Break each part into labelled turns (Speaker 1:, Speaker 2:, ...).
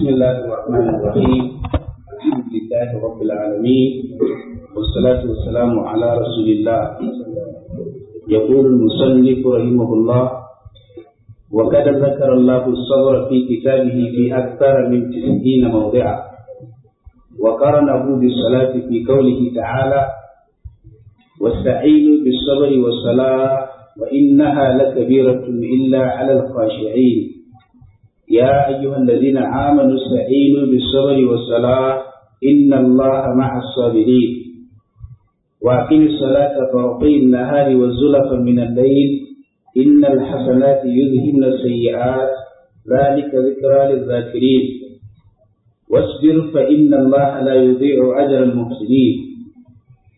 Speaker 1: بسم الله الرحمن الرحيم الحمد لله رب العالمين والصلاة والسلام على رسول الله يقول المصنف رحمه الله وقد ذكر الله الصبر في كتابه في أكثر من تسعين موضعا وقرنه بالصلاة في قوله تعالى واستعينوا بالصبر والصلاة وإنها لكبيرة إلا على الخاشعين يا أيها الذين آمنوا استعينوا بالصبر والصلاة إن الله مع الصابرين وأقيموا الصلاة طرفي النهار والزلفا من الليل إن الحسنات يذهبن السيئات ذلك ذكرى للذاكرين واصبر فإن الله لا يضيع أجر المحسنين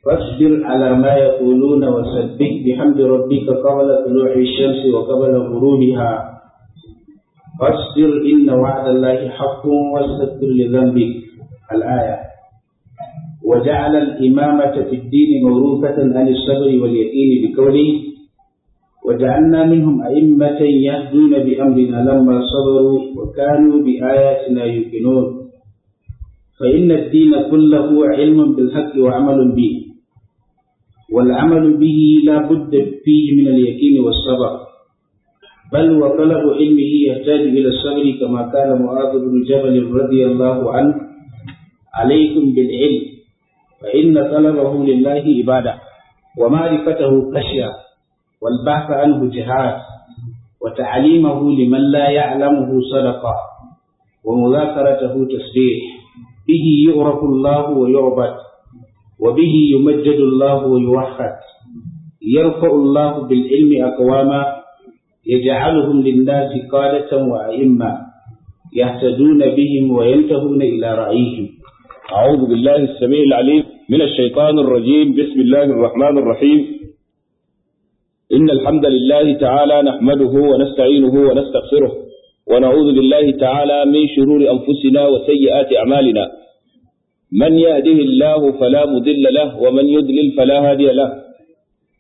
Speaker 1: فاصبر على ما يقولون وسبح بحمد ربك قبل طلوع الشمس وقبل غروبها فاصبر إن وعد الله حق واستغفر لذنبك الآية وجعل الإمامة في الدين موروثة عن الصبر واليقين بقوله وجعلنا منهم أئمة يهدون بأمرنا لما صبروا وكانوا بآياتنا يوقنون فإن الدين كله علم بالحق وعمل به والعمل به لا بد فيه من اليقين والصبر بل وطلب علمه يحتاج إلى الصبر كما قال معاذ بن جبل رضي الله عنه عليكم بالعلم فإن طلبه لله عبادة ومعرفته خشية والبحث عنه جهاد وتعليمه لمن لا يعلمه صدقة ومذاكرته تسبيح به يعرف الله ويعبد وبه يمجد الله ويوحد يرفع الله بالعلم أقواما يجعلهم للناس قادة وأئمة يهتدون بهم وينتهون إلى رأيهم أعوذ بالله السميع العليم من الشيطان
Speaker 2: الرجيم بسم الله الرحمن الرحيم إن الحمد لله تعالى نحمده ونستعينه ونستغفره ونعوذ بالله تعالى من شرور أنفسنا وسيئات أعمالنا من يهده الله فلا مضل له ومن يضلل فلا هادي له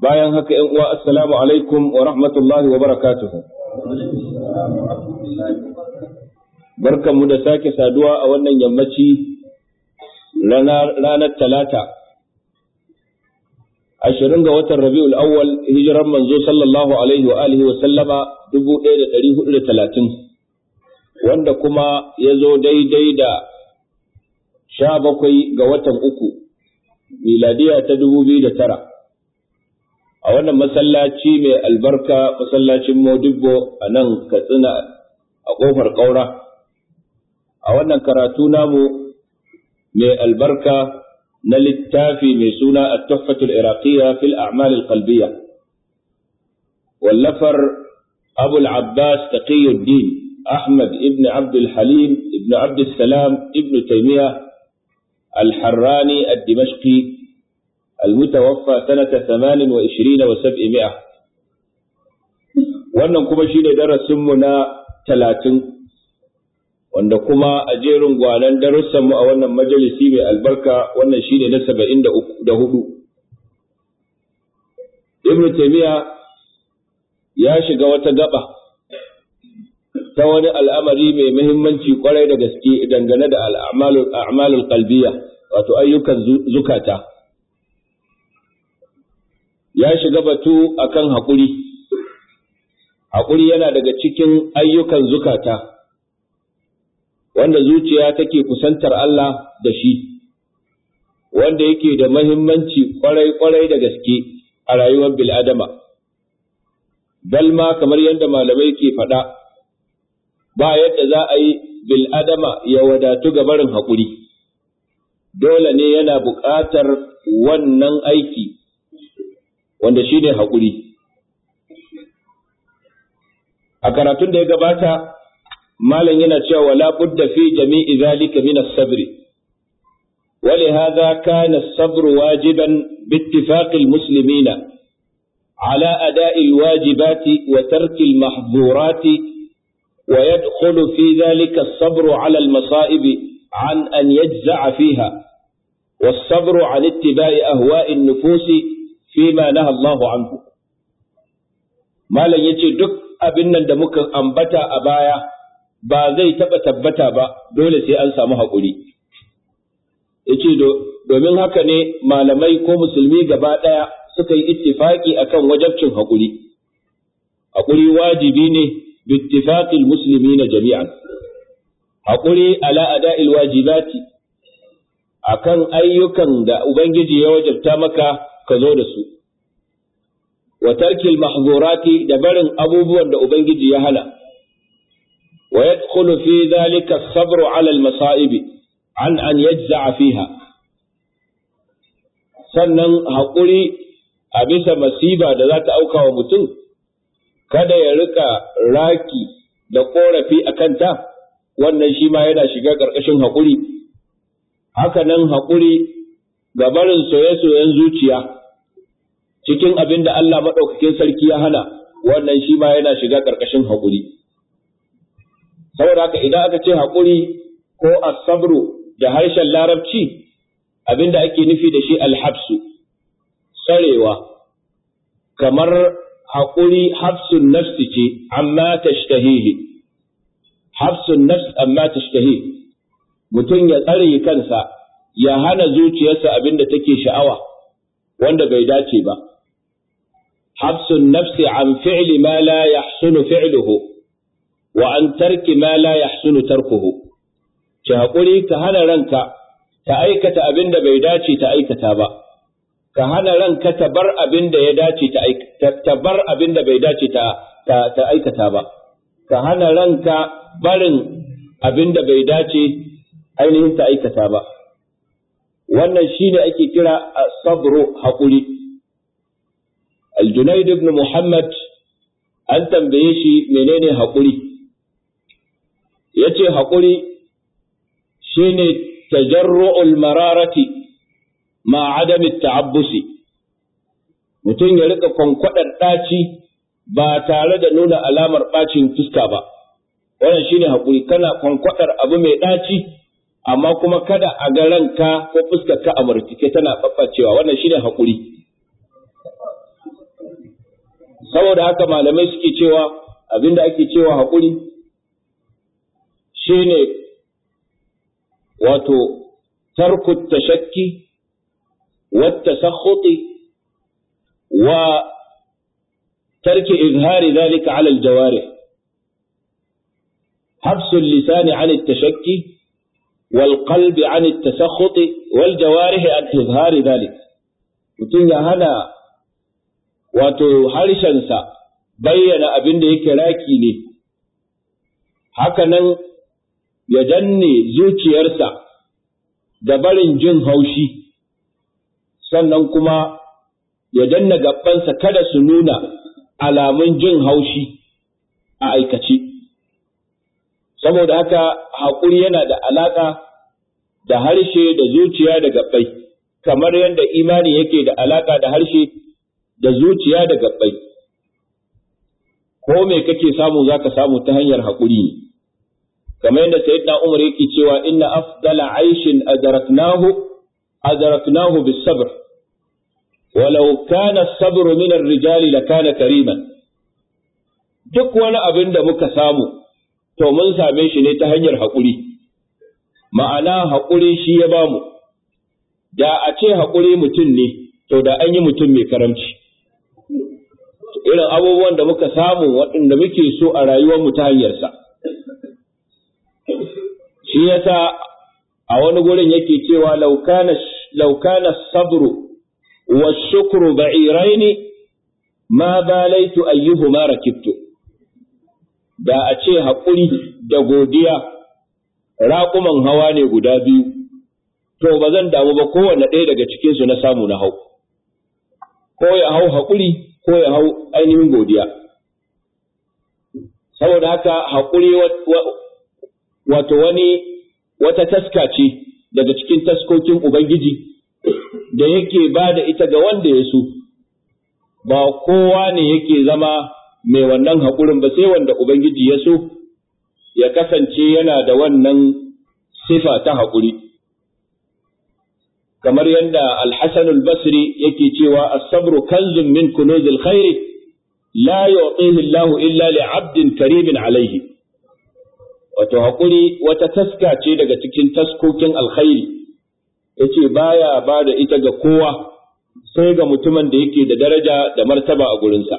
Speaker 2: bayan haka ‘yan uwa assalamu alaikum wa rahmatullahi wa barakatuhu. Barkanmu da sake saduwa a wannan yammaci ranar talata, ashirin ga watan Rabi'ul awwal hijiran manzo sallallahu alaihi wa alihi wa sallama dubu ɗaya da ɗari hudu da talatin, wanda kuma ya zo daidai da sha bakwai ga watan uku, miladiya ta dubu biyu da tara. a wannan masallaci mai albarka masallacin modibbo a nan katsina a ƙofar ƙaura a wannan karatu namu mai albarka na littafi mai suna a tuffatul iraqiyya fil a'mal al-qalbiyya wallafar abu al-abbas taqiyuddin ahmad ibn أحمد ابن عبد الحليم salam ibn السلام al-harrani al-dimashqi المتوفى سنة ثمان وعشرين وسبعمائة wannan kuma shi ne darasinmu na talatin wanda kuma a jerin gwanan darussanmu a wannan majalisi mai albarka wannan shi ne na saba'in da hudu ibn taimiyya ya shiga wata gaba ta wani al'amari mai muhimmanci kwarai da gaske dangane da al'amalul kalbiya wato ayyukan zukata ya shiga batu a kan haƙuri haƙuri yana daga cikin ayyukan zukata wanda zuciya take kusantar Allah da shi wanda yake da mahimmanci kwarai-kwarai da gaske a rayuwar bil'adama balma kamar yadda malamai ke faɗa ba yadda za a yi bil'adama ya wadatu ga barin haƙuri dole ne yana buƙatar wannan aiki wanda shi ne haƙuri a karatun da ya gabata malam yana cewa wala budda fi jami'i zalika min as-sabri ولهذا كان الصبر واجبا باتفاق المسلمين على أداء الواجبات وترك المحظورات ويدخل في ذلك الصبر على المصائب عن أن يجزع فيها والصبر عن اتباع أهواء النفوس fi ma naha Allahu anhu malam yace duk abin nan da muka ambata a baya ba zai taba tabbata ba dole sai an samu haƙuri yace domin haka ne malamai ko musulmi gaba ɗaya suka yi ittifaki akan wajabcin haƙuri haƙuri wajibi ne musulmi muslimina jami'an haƙuri ala ada'il wajibati akan ayyukan da ubangiji ya wajabta maka ka zo da su wa tarkil mahzurati da barin abubuwan da ubangiji ya hala wa yadkhulu fi zalika sabru alal masaibi an an yajza'a fiha sannan haƙuri a bisa masiba da za ta auka wa mutum kada ya riƙa raki da ƙorafi a kanta wannan shi ma yana shiga ƙarƙashin haƙuri haka nan haƙuri ga barin soye-soyen zuciya cikin abin da Allah maɗaukakin sarki ya hana wannan shi ma yana shiga ƙarƙashin haƙuri saboda haka idan aka ce haƙuri ko asabru da harshen larabci abin da ake nufi da shi alhabsu tsarewa kamar haƙuri hafsun nafsi ce amma shtahihi. hafsun nafsi, amma shtahihi. mutum ya tsare kansa ya hana zuciyarsa abin da take sha'awa wanda bai dace ba habsun nafsi an fi'li ma la yahsunu fi'luhu wa an tarki ma la yahsunu tarkuhu ki haƙuri ka hana ranka ta aikata abin da bai dace ta aikata ba ka hana ranka ta bar abin da ya dace ta bar abin da bai dace ta aikata ba ka hana ranka barin abin da bai dace ainihin ta aikata ba wannan shine ake kira sabro haƙuri Al-Junaid ibn Muhammad an tambaye shi menene haƙuri, ya ce haƙuri shi ne tajarru'ul mararati ma ta'abbusi, mutum ya rika kwankwaɗar ɗaci ba tare da nuna alamar ɓacin fuska ba, wannan shi ne haƙuri kana kwankwaɗar abu mai ɗaci. amma kuma kada a ga ranka ko fuskarka a murtike tana ɓaɓɓacewa wannan shine haƙuri saboda haka malamai suke cewa abinda ake cewa haƙuri shine wato tarku tashakki والتسخط وترك إظهار ذلك على الجوارح حبس اللسان عن التشكي والقلب عن التسخط والجوارح عن إظهار ذلك mutum ya hana wato harshen sa bayyana abin da yake raki ne, haka nan ya danne zuciyarsa da barin jin haushi, sannan kuma ya danna gabansa kada su nuna alamun jin haushi a aikace. Saboda haka haƙuri yana da alaƙa da harshe da zuciya da gabai, kamar yadda imani yake da alaƙa da harshe da zuciya da gabbai ko me kake samu zaka samu ta hanyar haƙuri ne kamar yadda sayyidina Umar yake cewa inna afdala aishin adraknahu adraknahu bis sabr walau kana sabr min ar-rijali lakana kariman duk wani abin da muka samu to mun same shi ne ta hanyar haƙuri ma'ana haƙuri shi ya bamu da a ce haƙuri mutum ne to da an yi mutum mai karamci irin abubuwan da muka samu waɗanda muke so a rayuwarmu ta hanyarsa. Shi yasa a wani gurin yake cewa laukana sabru wa shukru ba'iraini ma balaitu mara rakibtu da a ce haƙuri da godiya raƙuman hawa ne guda biyu to ba zan damu ba kowane ɗaya daga cikinsu na samu na hau ko ya hau haƙuri ko ya hau ainihin godiya saboda haka haƙuri wato wani wata taska ce daga cikin taskokin ubangiji da yake ba da ita ga wanda ya so ba kowa ne yake zama mai wannan haƙurin ba sai wanda ubangiji ya so ya kasance yana da wannan sifa ta haƙuri kamar yadda al-Hasan basri yake cewa as-sabru kanzun min kunuzil khairi la yu'tihi Allah illa li'abdin karimin alayhi wato hakuri wata taska ce daga cikin taskokin alkhairi yace baya ba da ita ga kowa sai ga mutumin da yake da daraja da martaba a gurinsa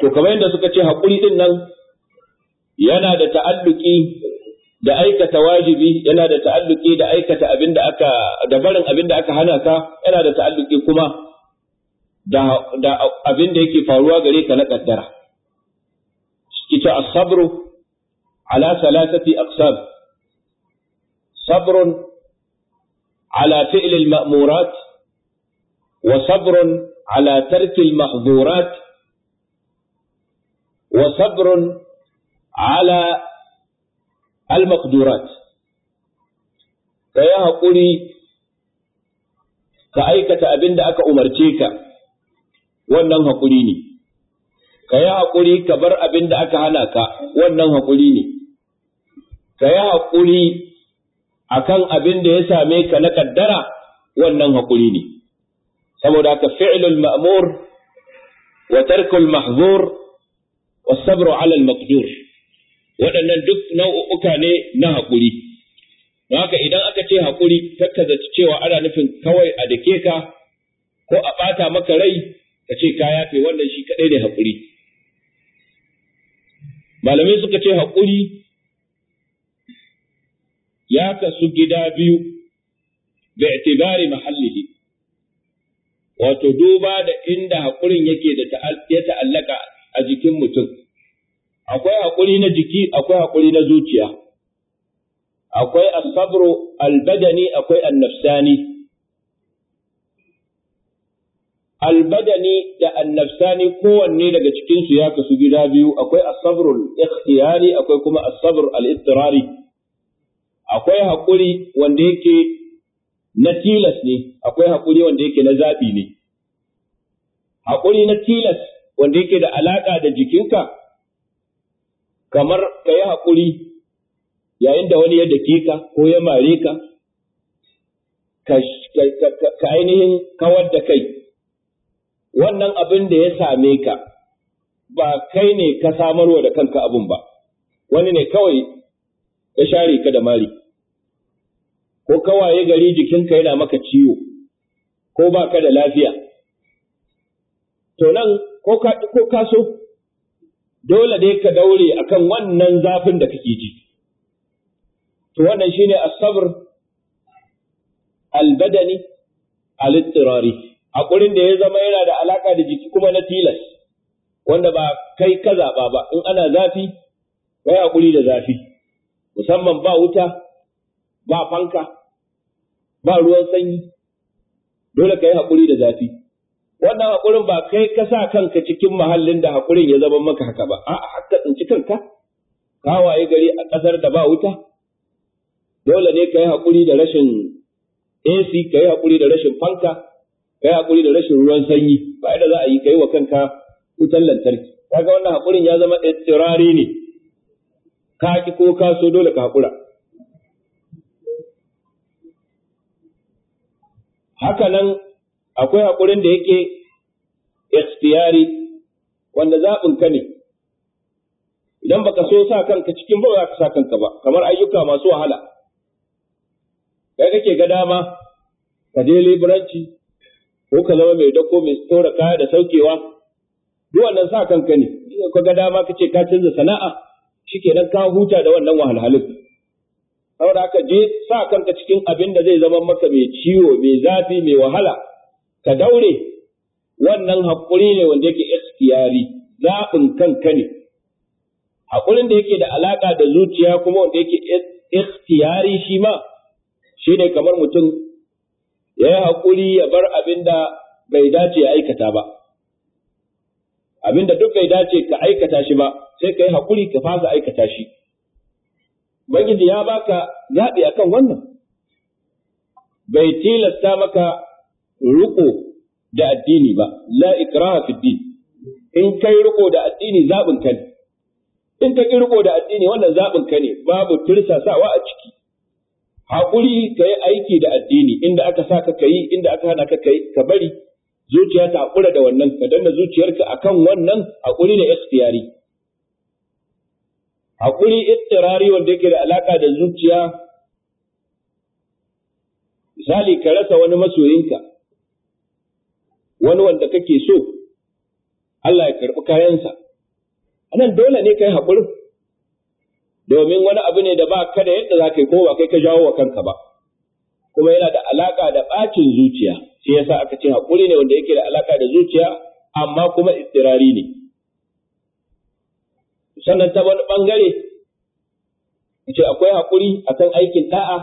Speaker 2: to kamar yadda suka ce hakuri din nan yana da ta'alluki da aikata wajibi yana da ta'alluki da aikata abin da aka da barin abin da aka hana ka yana da ta'alluki kuma da da abin da yake faruwa gare ka na kaddara kita as-sabru ala salasati aqsam sabrun ala fi'l al-ma'murat wa sabrun ala tark al-mahdhurat wa sabrun ala al-maqdurat ka yi haƙuri ka aikata abin da aka umarce ka wannan haƙuri ne ka yi haƙuri ka bar abin da aka hana ka wannan haƙuri ne ka yi haƙuri a kan abin da ya same ka na ƙaddara wannan haƙuri ne saboda ka fi'lul ma'mur wa tarkul mahzur wa sabru 'ala al-maqdur waɗannan duk nau'uka ne na haƙuri don haka idan aka ce haƙuri kakka zaci cewa ana nufin kawai a dake ka ko a ɓata maka rai ka ce ka yafe wannan shi kaɗai ne haƙuri malamai suka ce haƙuri ya kasu gida biyu bai bi'tibari mahallihi wato duba da inda haƙurin yake da ya ta'allaka a jikin mutum akwai haƙuri na jiki akwai haƙuri na zuciya akwai asabru albadani akwai annafsani albadani da annafsani kowanne daga cikinsu ya kasu gida biyu akwai asabrul ikhtiyari akwai kuma asabr al-ittirari akwai haƙuri wanda yake na tilas ne akwai haƙuri wanda yake na zaɓi ne haƙuri na tilas wanda yake da alaƙa da jikinka kamar ka yi haƙuri yayin da wani ya dake ka ko ya mare ka ka ainihin kawar da kai wannan abin da ya same ka ba kai ne ka samarwa da kanka abin ba wani ne kawai ya share ka da mari ko kawaye gari jikinka yana maka ciwo ko ba ka da lafiya to nan ko ka so dole dai ka daure akan wannan zafin da kake ji to wannan shine as-sabr al-badani al-ittirari Haƙurin da ya zama yana da alaƙa da jiki kuma na tilas wanda ba kai ka zaɓa ba in ana zafi kai hakuri da zafi musamman ba wuta ba fanka ba ruwan sanyi dole ka yi haƙuri da zafi wannan haƙurin ba kai ka sa kanka cikin mahallin da haƙurin ya zama maka haka ba, a haka tsinci kanka, ka waye gari a ƙasar da ba wuta, dole ne ka yi haƙuri da rashin AC, ka yi haƙuri da rashin fanka, ka yi haƙuri da rashin ruwan sanyi, ba da za a yi ka yi wa kanka wutan lantarki. Kaga wannan haƙurin ya zama tsirari ne, ka ki ko ka so dole ka haƙura. Haka nan akwai haƙurin da yake ikhtiyari wanda zaɓin ka ne idan baka so sa kanka cikin ba za ka sa kanka ba kamar ayyuka masu wahala kai kake ga dama ka je liburanci ko ka zama mai dako mai tsora kaya da saukewa duk wannan sa kanka ne ka ga dama kace ka canza sana'a shikenan ka huta da wannan wahalhalun saboda haka je sa kanka cikin abin da zai zama maka mai ciwo mai zafi mai wahala ka daure wannan haƙuri ne wanda yake ikhtiyari zaɓin kanka ne haƙurin da yake da alaƙa da zuciya kuma wanda yake iskiyari shi ma shi ne kamar mutum ya yi haƙuri ya bar abin da bai dace ya aikata ba abin da duk bai dace ka aikata shi ba sai ka yi haƙuri ka fasa aikata shi Ubangiji ya baka zaɓi akan wannan bai tilasta maka riko da addini ba la ikraha fi din in kai riko da addini zabin ka ne in ka riko da addini wannan zabin ka ne babu tursasawa a ciki haƙuri ka yi aiki da addini inda aka sa kai yi inda aka hana ka kai ka bari zuciya ta haƙura da wannan ka danna zuciyarka akan wannan haƙuri da ikhtiyari haƙuri ittirari wanda yake da alaka da zuciya misali ka rasa wani masoyinka wani wanda kake so Allah ya karɓi kayansa anan dole ne kai hakuri domin wani abu ne da ba ka da yadda za ka yi kuma ba kai ka jawo wa kanka ba kuma yana da alaƙa da ɓacin zuciya shi yasa aka ce haƙuri ne wanda yake da alaƙa da zuciya amma kuma istirari ne sannan ta wani ɓangare ce akwai haƙuri akan aikin ɗa'a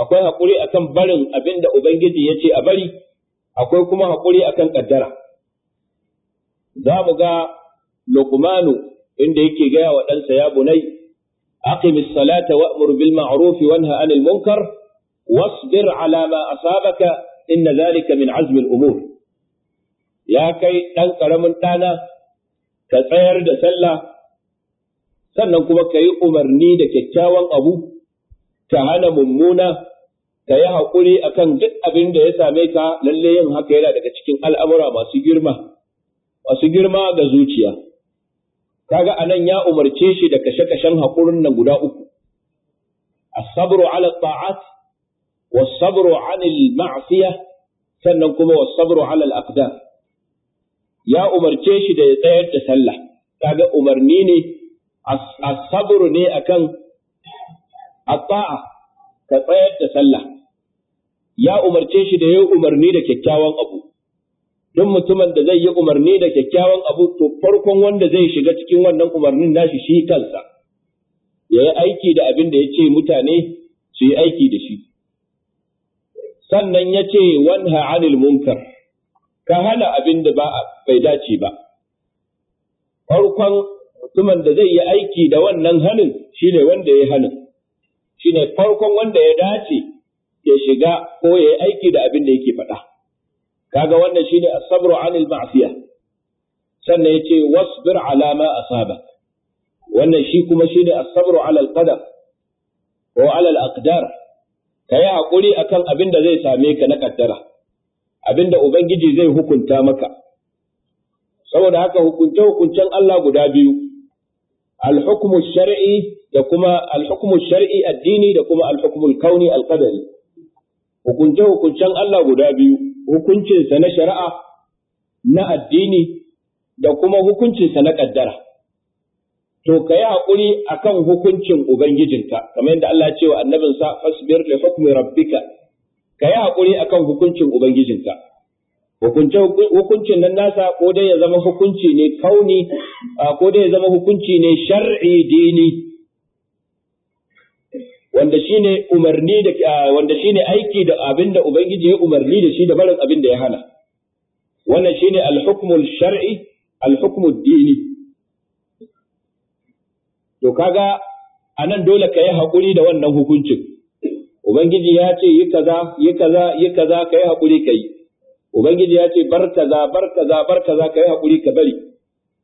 Speaker 2: akwai haƙuri akan barin abin da Ubangiji ya ce a bari akwai kuma haƙuri akan ƙaddara za mu ga luqmanu inda yake gaya wa ɗansa ya bunai aqimis salata wa'mur bil ma'ruf wanha 'anil munkar wasbir 'ala ma asabaka inna zalika min azmi umur ya kai ɗan ƙaramin ɗana ka tsayar da sallah sannan kuma ka yi umarni da kyakkyawan abu ka hana mummuna ka yi haƙuri akan duk abin da ya same ka lalle yin haka yana daga cikin al'amura masu girma masu girma ga zuciya kaga anan ya umarce shi da kashe-kashen haƙurin nan guda uku as-sabru ala ta'at wa sabru 'ala sannan kuma wa sabru 'ala al ya umarce shi da ya tsayar da sallah kaga umarni ne as-sabru ne akan at-ta'a ka tsayar da sallah ya umarce shi da ya umarni da kyakkyawan abu duk mutumin da zai yi umarni da kyakkyawan abu to farkon wanda zai shiga cikin wannan umarnin nashi shi kansa ya yi aiki da abin da ya ce mutane su yi aiki da shi sannan ya ce wanha anil munkar ka hana abin da ba bai dace ba farkon mutumin da zai yi aiki da wannan hanin ne wanda ya yi hanin shine farkon wanda ya dace ya shiga ko ya yi aiki da abin da yake faɗa kaga wannan ne as-sabru 'anil ma'siya sannan yace wasbir 'ala a asabak wannan shi kuma shine as-sabru 'ala al-qadar ko 'ala al-aqdar kai akan abin da zai same ka na kaddara abin da ubangiji zai hukunta maka saboda haka hukunce hukuncen Allah guda biyu al-hukmu shar'i da kuma shar'i addini da kuma al kauni al hukunce-hukuncen Allah guda biyu, hukuncinsa na shari'a, na addini, da kuma hukuncinsa na ƙaddara. To, ka yi haƙuri a kan hukuncin Ubangijinka, kamar yadda Allah ce wa annabinsa, fasbir li hukmi rabbika, ka yi haƙuri a kan hukuncin Ubangijinka. Hukuncin nan nasa ko dai ya zama hukunci ne kauni, ko dai ya zama hukunci ne shar'i dini. wanda shine umarni da wanda shine aiki da abinda ubangiji ya umarni da shi da barin abinda ya hana wannan shine al al shar'i al ad dini to kaga anan dole ka yi hakuri da wannan hukuncin ubangiji ya ce yi kaza yi kaza yi kaza ka yi hakuri ka yi ubangiji ya ce bar kaza bar kaza bar kaza ka yi hakuri ka bari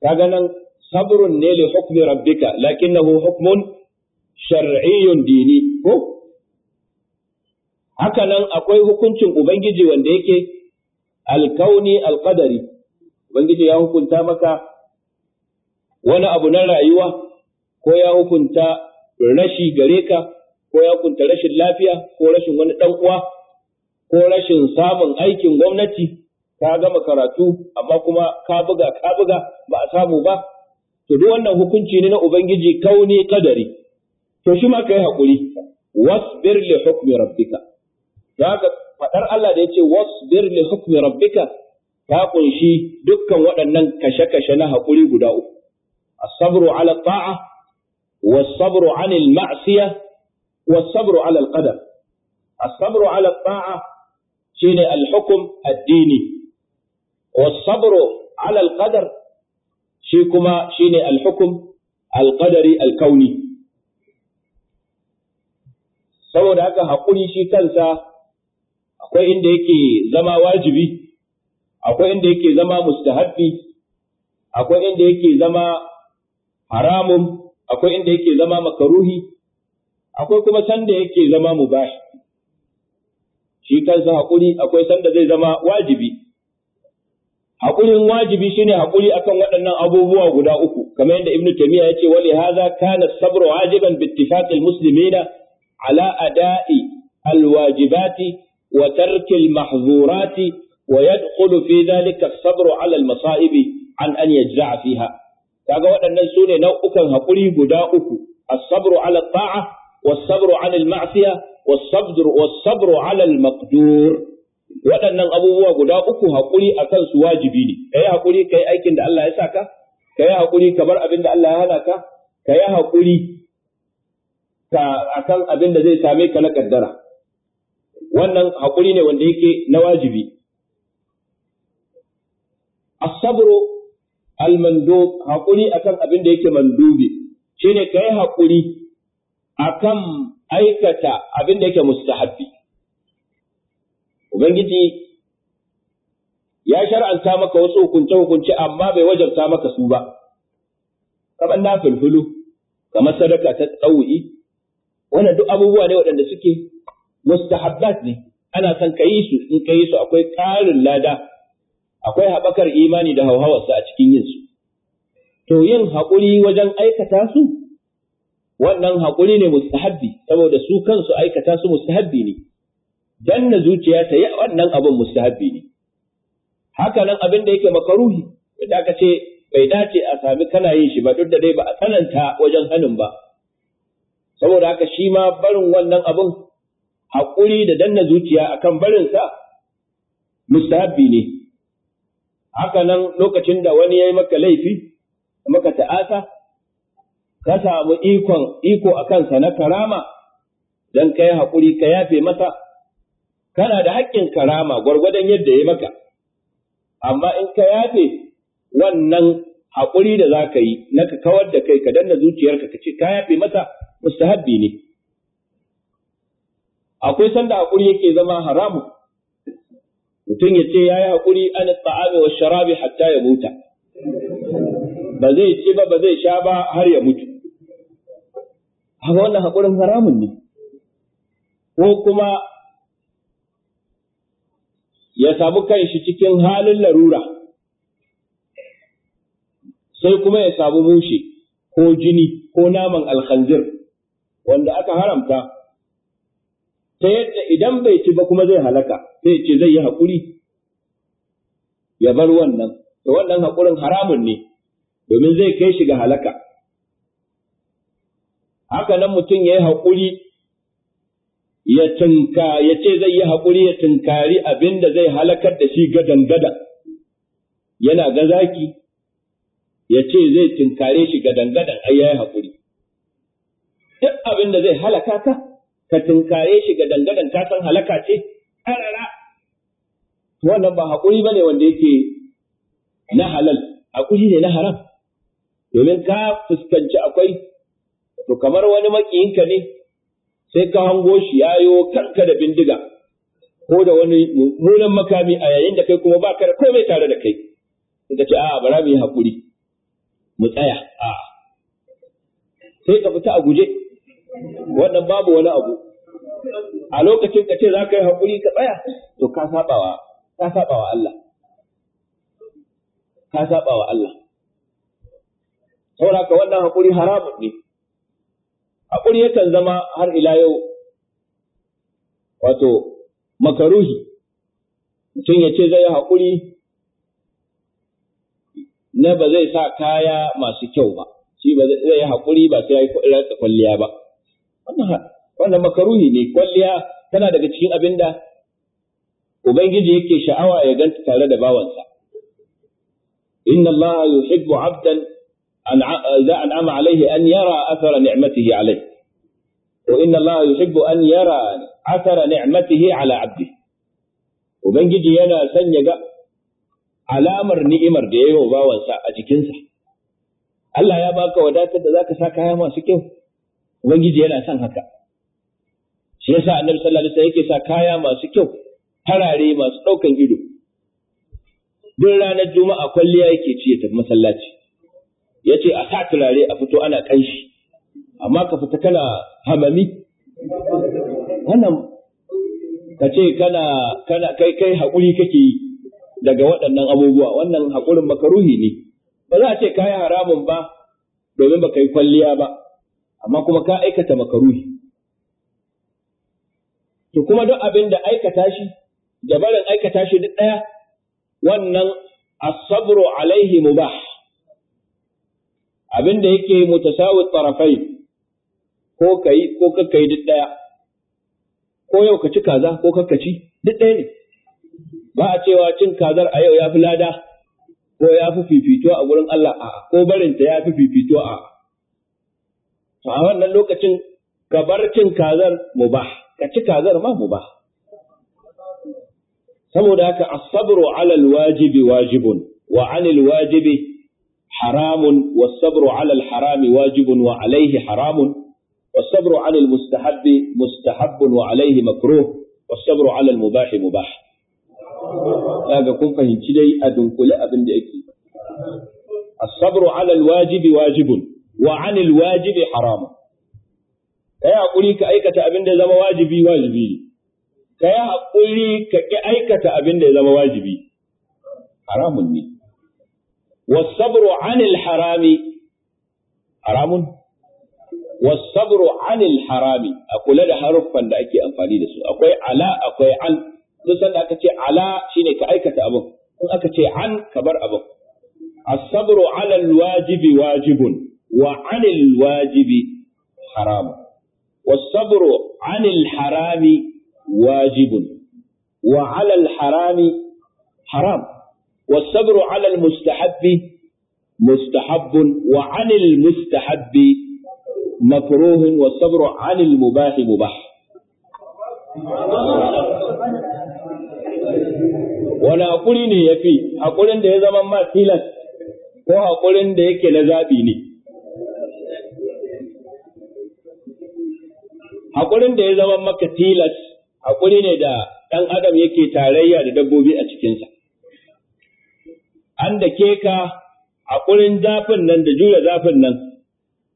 Speaker 2: kaga nan sabrun ne li hukmi rabbika lakinnahu hukmun shar'iyyun dini ko haka nan akwai hukuncin ubangiji wanda yake alkauni alqadari ubangiji ya hukunta maka wani abu na rayuwa ko ya hukunta rashi gare ka ko ya hukunta rashin lafiya ko rashin wani dan uwa ko rashin samun aikin gwamnati ka gama karatu amma kuma ka buga ka buga ba a samu ba to duk wannan hukunci ne na ubangiji kauni kadari to shi ma kai hakuri wasbir li hukmi rabbika daga fadar Allah da yace wasbir li hukmi rabbika ta kunshi dukkan waɗannan kashe-kashe na hakuri guda uku as-sabru ala ta'a was-sabru 'anil ma'siyah was-sabru 'ala al-qadar as-sabru 'ala ta'a shine al-hukm ad-dini was-sabru 'ala al-qadar shi kuma shine al-hukm al-qadari al-kauni saboda haka haƙuri shi kansa akwai inda yake zama wajibi akwai inda yake zama mustahabbi akwai inda yake zama haramun akwai inda yake zama makaruhi akwai kuma sanda yake zama mubah shi kansa haƙuri akwai sanda zai zama wajibi haƙurin wajibi shine haƙuri akan waɗannan abubuwa guda uku kamar yadda ibnu taymiya yace wali hadha kana sabru wajiban bi ittifaqil muslimina ala ada'i alwajibati wa tarkil mahzurati wa yadkhulu fi dhalika as-sabru ala al-masa'ibi an an yajza'a fiha kaga waɗannan sune nau'ukan haƙuri guda uku as-sabru ala at-ta'a was-sabru ala al-ma'siya was-sabru was-sabru ala al-maqdur waɗannan abubuwa guda uku haƙuri akan su wajibi ne, ka yi haƙuri ka yi aikin da Allah ya sa ka, ka yi haƙuri ka bar abin da Allah ya hana ka, ka yi haƙuri akan abin da zai same ka na kaddara wannan haƙuri ne wanda yake na wajibi as-sabru al-mandub haƙuri akan abin da yake mandubi shine kai haƙuri akan aikata abin da yake mustahabi ubangiji ya shar'anta maka wasu hukunce-hukunce amma bai wajabta maka su ba, kamar na filfilu, kamar sadaka ta tsawu'i, wannan duk abubuwa ne waɗanda suke mustahabbat ne ana son ka su in ka su akwai karin lada akwai haɓakar imani da hauhawarsa a cikin yin su to yin haƙuri wajen aikata su wannan haƙuri ne mustahabbi saboda su kansu aikata su mustahabbi ne danna zuciya ta yi wannan abin mustahabbi ne haka nan abin da yake makaruhi da aka ce bai dace a sami kana yin shi ba duk da dai ba a tsananta wajen hanin ba saboda haka shi ma barin wannan abun haƙuri da danna zuciya akan barinsa mustahabbi ne haka nan lokacin da wani ya yi maka laifi maka ta'asa ka samu ikon iko a kansa na karama don kai yi haƙuri ka yafe masa kana da haƙƙin karama gwargwadon yadda ya maka amma in ka yafe wannan haƙuri da za ka yi na kawar da kai ka danna zuciyarka ka ce ka yafe masa mustahabbi ne akwai sanda hakuri yake zama haramu mutum ya ce yayi hakuri an ta'ami wa sharabi hatta ya muta ba zai ci ba ba zai sha ba har ya mutu haka wannan hakurin haramun ne ko kuma ya samu shi cikin halin larura sai kuma ya samu mushe ko jini ko naman alkhanzir wanda aka haramta ta yadda idan bai ci ba kuma zai halaka sai ce zai yi haƙuri ya bar wannan to wannan haƙurin haramun ne domin zai kai shi ga halaka haka nan mutum ya yi haƙuri ya tunka ya ce zai yi haƙuri ya tunkari abin da zai halakar da shi gadan gadan yana ga zaki ya ce zai tinkare shi ga gadan ai ya yi haƙuri duk abin da zai halaka ka ka tunkaye shi ga dangadan ka san halaka ce wannan ba haƙuri bane wanda yake na halal haƙuri ne na haram domin ka fuskanci akwai to kamar wani makiyinka ne sai ka hango shi yayo kanka da bindiga ko da wani mummunan makami a yayin da kai kuma ba ka da komai tare da kai sai ka ce a'a bara mu yi haƙuri mu tsaya a'a sai ka fita a guje wannan babu wani abu a lokacin ka ce za ka yi haƙuri ka tsaya to ka sabawa ka sabawa Allah ka sabawa Allah saboda wannan haƙuri haramun ne haƙuri yakan zama har ila yau wato makaruhi mutum ya ce zai yi haƙuri na ba zai sa kaya masu kyau ba shi ba zai yi haƙuri ba sai ya yi kwalliya ba makaruha wannan makaruhi ne kwalliya tana daga cikin abin da ubangiji yake sha'awa ya ganta tare da bawansa inna allaha yuhibbu 'abdan idza an'ama alayhi an yara athara ni'matihi alayhi wa inna allaha yuhibbu an yara athara ni'matihi ala 'abdihi ubangiji yana son ya ga alamar ni'imar da ya yi wa bawansa a jikinsa Allah ya baka wadatar da zaka sa kaya masu kyau ubangiji yana son haka shi yasa annabi sallallahu alaihi yake sa kaya masu kyau farare masu ɗaukan ido duk ranar juma'a kwalliya yake ci ya tafi masallaci yace a sa turare a fito ana kanshi amma ka fita kana hamami wannan ka ce kana kana kai kai haƙuri kake yi daga waɗannan abubuwa wannan haƙurin makaruhi ne ba za a ce kayi haramun ba domin ba yi kwalliya ba amma kuma ka aikata makaruhi to kuma duk abin da aikata shi da barin aikata shi duk ɗaya wannan Asabro sabru alaihi mubah abin da yake mutasawi tarafai ko kai ko yi duk ɗaya ko yau ka ci kaza ko ci duk ɗaya ne ba a cewa cin kazar a yau ya fi lada ko ya fi fifito a gurin Allah a ko barinta ya fi fifito a To a wannan lokacin ka bar cin kazar mubah, ka ci kazar ma mubah. Saboda haka as-sabru 'ala wajibi wajibun wa 'ala al-wajibi haramun was-sabru 'ala harami wajibun wa 'alayhi haramun was-sabru 'ala mustahabbi mustahabbun wa 'alayhi makruh was-sabru 'ala al-mubah mubah. Kaga kun fahimci dai a dunkule abin da yake. as-sabru wajibi wajibun wa anil wajibi harama kai hakuri ka aikata abin da zama wajibi wajibi kai hakuri ka ki aikata abin da zama wajibi haramun ne wasabru anil harami haramun wasabru anil harami a kula da haruffan da ake amfani da su akwai ala akwai an duk sanda aka ce ala shine ka aikata abin in aka ce an ka bar abin asabru alal wajibi wajibun وعن الواجب حرام والصبر عن الحرام واجب وعلى الحرام حرام والصبر على المستحب مستحب وعن المستحب مكروه والصبر عن المباح مباح wani haƙuri ne ya fi haƙurin da ya zama ma tilas ko haƙurin da yake na zaɓi ne haƙurin da ya zama maka tilas haƙuri ne da ɗan adam yake tarayya da dabbobi a cikinsa an da ke ka haƙurin zafin nan da jure zafin nan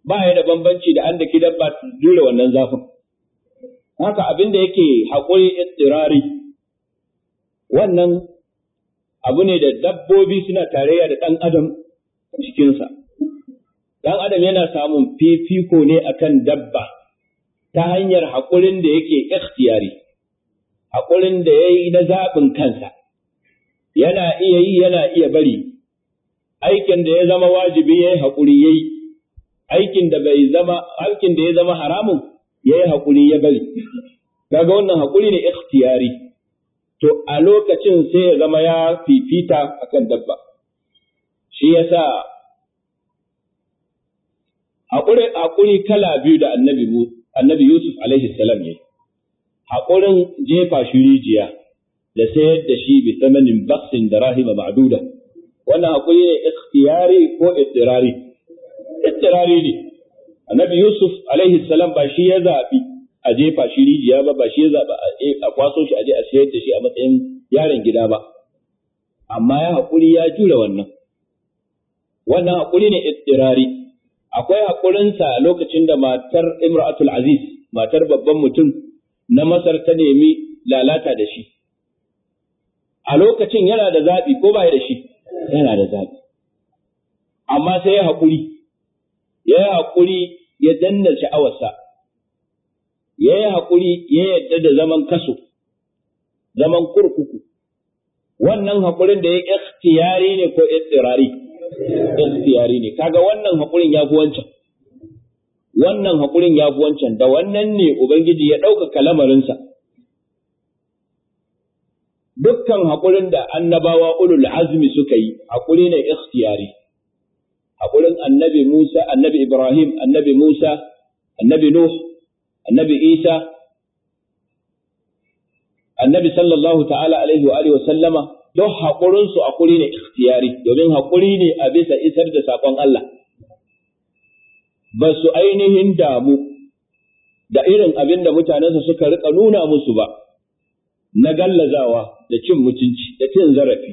Speaker 2: ba ya da bambanci da an da ke dabba jure wannan zafin haka abin da yake haƙuri ittirari wannan abu ne da dabbobi suna tarayya da ɗan adam cikinsa ɗan adam yana samun fifiko ne akan dabba ta hanyar haƙurin da yake ikhtiyari, haƙurin da ya yi na zaɓin kansa, yana iya yi yana iya bari, aikin da ya zama wajibi ya yi haƙuri ya yi, aikin da bai zama, aikin da ya zama haramun ya yi haƙuri ya bari. Kaga wannan haƙuri ne ikhtiyari, to a lokacin sai ya zama ya fifita akan dabba. Shi yasa haƙuri kala biyu da annabi mu annabi Yusuf alaihi salam ne. haƙurin jefa shi rijiya da sayar da shi bi samanin baksin da rahima ma'duda wannan haƙuri ne ikhtiyari ko ittirari ittirari ne annabi Yusuf alaihi salam ba shi ya zaɓi a jefa shi rijiya ba ba shi ya zaɓi a kwaso shi a je a sayar da shi a matsayin yaron gida ba amma ya haƙuri ya jure wannan wannan haƙuri ne ittirari akwai haƙurinsa lokacin da matar imratul aziz matar babban mutum na masar ta nemi lalata da shi a lokacin yana da zaɓi ko ba da shi
Speaker 1: yana da zaɓi
Speaker 2: amma sai ya haƙuri ya yi haƙuri ya danna sha'awarsa ya yi haƙuri ya yadda da zaman kaso zaman kurkuku wannan haƙurin da ya ikhtiyari ne ko ittirari ikhtiyari ne kaga wannan hakurin ya fi wancan wannan hakurin ya fi wancan da wannan ne ubangiji ya ɗauka kalamarinsa. dukkan hakurin da annabawa ulul azmi suka yi hakuri ne ikhtiyari hakurin annabi Musa annabi Ibrahim annabi Musa annabi Nuh annabi Isa annabi sallallahu ta'ala alaihi wa alihi wa sallama don haƙurinsu haƙuri ne ikhtiyari domin haƙuri ne a bisa isar da saƙon Allah. Ba su ainihin damu da irin abin da mutanensa suka riƙa nuna musu ba, na gallazawa da cin mutunci da cin zarafi,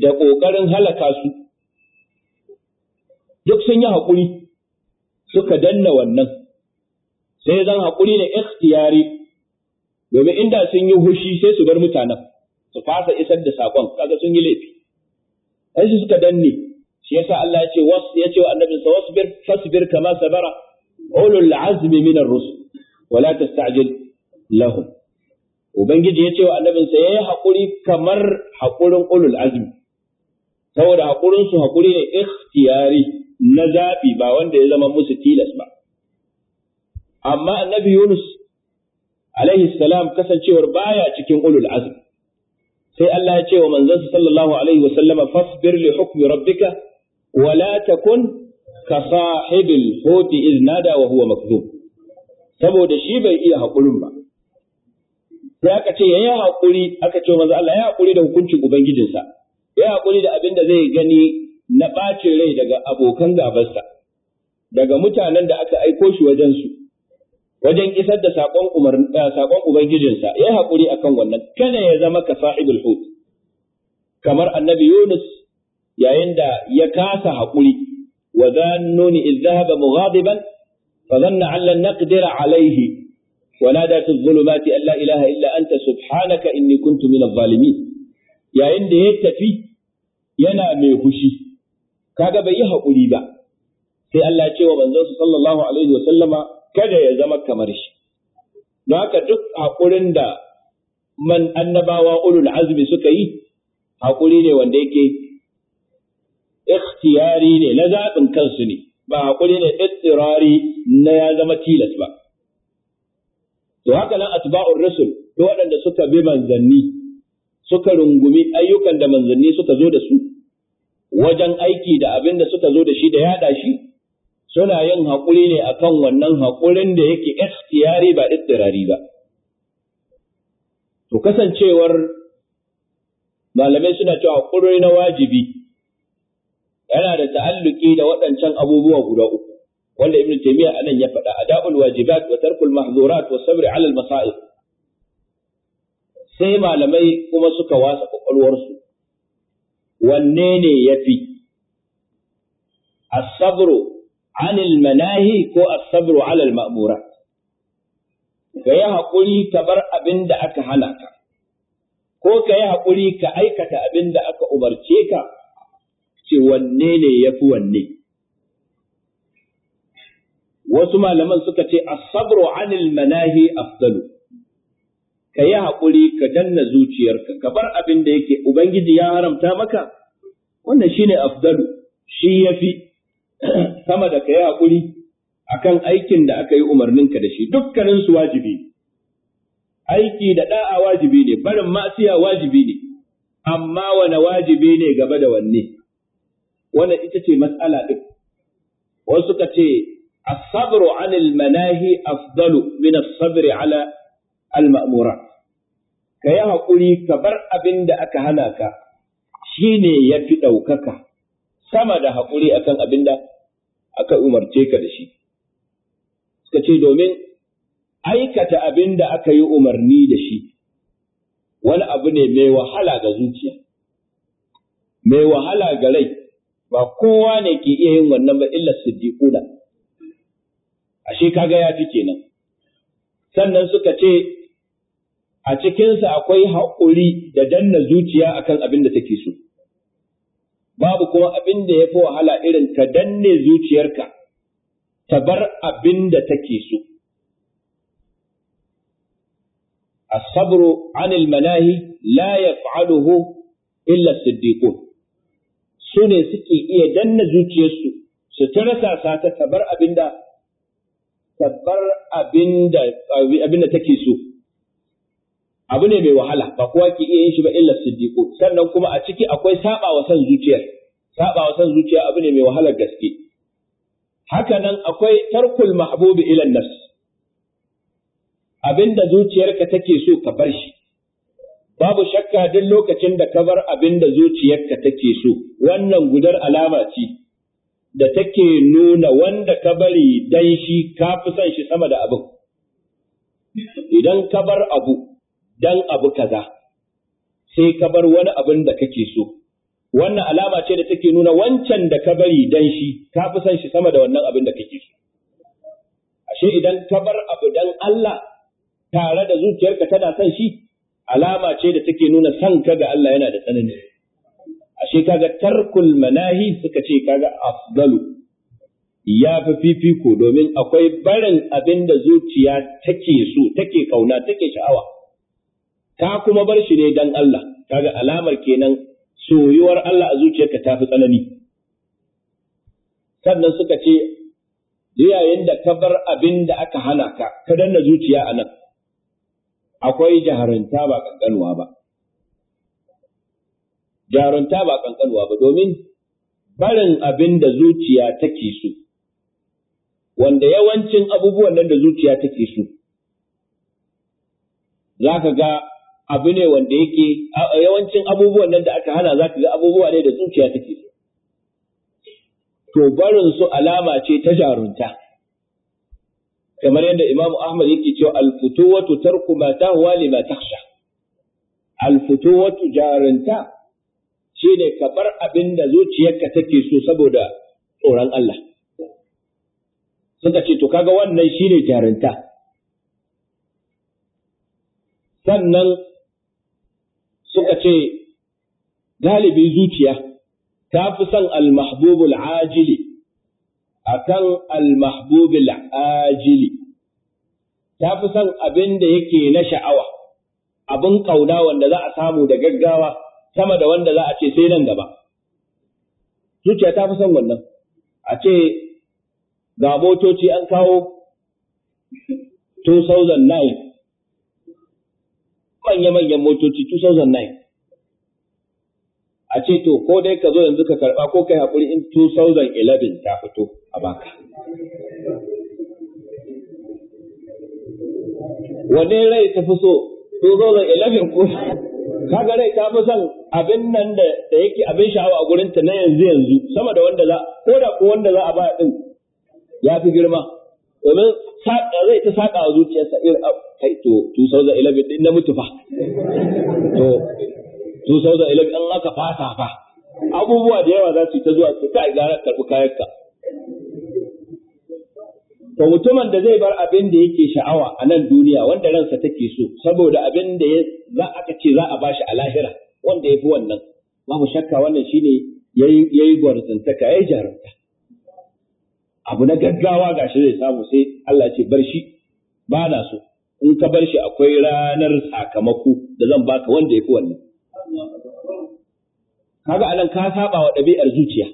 Speaker 2: da ƙoƙarin halaka su. Duk sun yi haƙuri suka danna wannan, sai zan haƙuri ne ikhtiyari domin inda sun yi hushi sai su bar mutanen. su fasa isar da saƙon, kaga sun yi laifi sai su suka danne shi yasa Allah ya ce was ya ce wa annabi sa wasbir fasbir kama sabara ulul azmi min ar-rusul wala tasta'jil lahum ubangiji ya ce wa annabin sa yayi hakuri kamar hakurin ulul azmi saboda hakurin su hakuri ne ikhtiyari na zabi ba wanda ya zama musu tilas ba amma annabi Yunus alaihi salam kasancewar baya cikin ulul azmi sai Allah ya ce wa manzansa sallallahu alaihi wasallama fasbir li hukmi rabbika wa la takun ka sahibil hoti iznada wa huwa makdhub saboda shi bai iya hakurin ba sai aka ce yayin hakuri aka ce manzo Allah ya hakuri da hukuncin ubangijinsa ya hakuri da abin da zai gani na ɓacin rai daga abokan gabansa daga mutanen da aka aiko shi wajen su wajen isar da saƙon eh, saƙon ubangijinsa ya haƙuri akan wannan kada ya zama ka sa'ibul hut kamar annabi Yunus yayin da ya kasa haƙuri wa dhannuni idh dhahaba mughadiban fa dhanna an lan naqdira alayhi wa nada fi dhulumati an la ilaha illa anta subhanaka inni kuntu min adh-dhalimin yayin da ya tafi yana mai fushi kaga bai yi haƙuri ba sai Allah ya ce wa manzon sallallahu alaihi wa sallama kada ya zama kamar shi don haka duk haƙurin da man annabawa ulul azmi suka yi haƙuri ne wanda yake ikhtiyari ne na zaɓin kansu ne ba haƙuri ne ittirari na ya zama tilas ba to haka nan atba'ur rusul to waɗanda suka bi manzanni suka rungumi ayyukan da manzanni suka zo da su wajen aiki da abin da suka zo da shi da yaɗa shi suna yin haƙuri ne akan wannan haƙurin da yake ikhtiyari ba ittirari ba to kasancewar malamai suna cewa haƙuri na wajibi yana da ta'alluki da waɗancan abubuwa guda uku wanda ibn Taymiyyah anan ya faɗa adabul wajibat wa tarkul mahzurat wa sabr ala al masa'ib sai malamai kuma suka wasa su. wanne ne yafi as-sabru anil manahi ko as-sabru ala al-ma'murat ka yi haƙuri ka bar abin da aka hana ka ko ka yi haƙuri ka aikata abin da aka umarce ka ce wanne ne ya fi wanne wasu malaman suka ce as-sabru anil manahi afdalu ka yi haƙuri ka danna zuciyarka ka bar abin da yake ubangiji ya haramta maka wannan shine afdalu shi yafi sama da ka yi haƙuri akan aikin da aka yi umarninka da shi dukkaninsu su wajibi aiki da ɗa'a wajibi ne barin ma'asiya wajibi ne amma wane wajibi ne gaba da wanne wannan ita ce matsala din wasu suka ce as-sabru 'anil manahi afdalu min as-sabri 'ala al mamura ka yi haƙuri ka bar abin da aka hana ka shi ne ya fi ɗaukaka sama da hakuri akan abin da aka umarce ka da shi. Suka ce domin aikata abin da aka yi umarni da shi, wani abu ne mai wahala ga zuciya, mai wahala ga rai, ba kowa ne ke iya yin wannan ba illa siddiquna. Ashe kaga ya fi kenan. Sannan suka ce a cikinsa akwai haƙuri da danna zuciya akan abin da take so. babu kuma abin da ya fi wahala irin ka danne zuciyarka ta bar abin da take so. Asabru anil manahi la yaf'aluhu illa siddiqun su ne suke iya danna zuciyarsu su ta rasa ta ta bar abin da abin da abin da take so. abu ne mai wahala ba kowa ke iya yin shi ba illa siddiqu sannan kuma a ciki akwai sabawa san zuciyar saba wa san zuciya abu ne mai wahalar gaske haka nan akwai tarkul mahbubi ilan nafs abinda zuciyarka take so ka bar shi babu shakka duk lokacin da ka bar abinda zuciyarka take so wannan gudar alama ce da take nuna wanda ka bari dan shi ka fi son shi sama da abin idan ka bar abu dan abu kaza sai ka bar wani abin da kake so wannan alama ce da take nuna wancan da ka bari dan shi ka fi san shi sama da wannan abin da kake so ashe idan ka bar abu dan Allah tare da zuciyarka tana son shi alama ce da take nuna son ka ga Allah yana da tsanani ashe kaga tarkul manahi suka ce kaga afdalu ya fi fifiko domin akwai barin abin da zuciya take so take kauna take sha'awa ta kuma bar shi ne dan Allah kaga alamar kenan soyuwar Allah a zuciyarka ta fi tsanani sannan suka ce yayin da ka bar abin da aka hana ka ka danna zuciya a nan akwai jaharanta ba kankanuwa ba Jaharanta ba kankanuwa ba domin barin abin da zuciya take so wanda yawancin abubuwan nan da zuciya take so za ka ga abu ne wanda yake yawancin abubuwan nan da aka hana za ga abubuwa ne da zuciya take so. To barin su alama ce ta jarunta. Kamar yadda Imam Ahmad yake cewa alfutuwatu tarku ma tahwa lima takhsha. Alfutuwatu jarunta shine ka bar abin da zuciyarka take so saboda tsoron Allah. Suka ce to kaga wannan shine jarunta. Sannan suka ce galibi zuciya ta fi son almahbubul ajili akan almahbubul ajili ta fi son abin da yake na sha'awa abin kauna wanda za a samu da gaggawa sama da wanda za a ce sai nan gaba zuciya ta fi son wannan a ce ga motoci an kawo 2009 manya-manyan motoci 2009 a ce to ko dai ka zo yanzu ka karɓa ko kai haƙuri in 2011 ta fito a baka wane rai ta fi so
Speaker 1: 2011
Speaker 2: ko kaga rai ta fi son abin nan da yake abin sha'awa a gurinta na yanzu yanzu sama da wanda za ko da ko wanda za a ba din ya fi girma domin saƙa zai ta saƙa a zuciyarsa irin kai to 2011 din na mutu fa to 2011 an aka fasa fa abubuwa da yawa za su ta zuwa su kai gara karɓi kayanka to mutumin da zai bar abin da yake sha'awa a nan duniya wanda ransa take so saboda abin da za aka ce za a bashi a lahira wanda yafi fi wannan babu shakka wannan shine yayi gwarzantaka yayi jarumta abu na gaggawa gashi zai samu sai Allah ce bar shi ba na so in ka bar shi akwai ranar sakamako da zan baka wanda ya fi wannan. Kaga anan ka saba wa ɗabi'ar zuciya,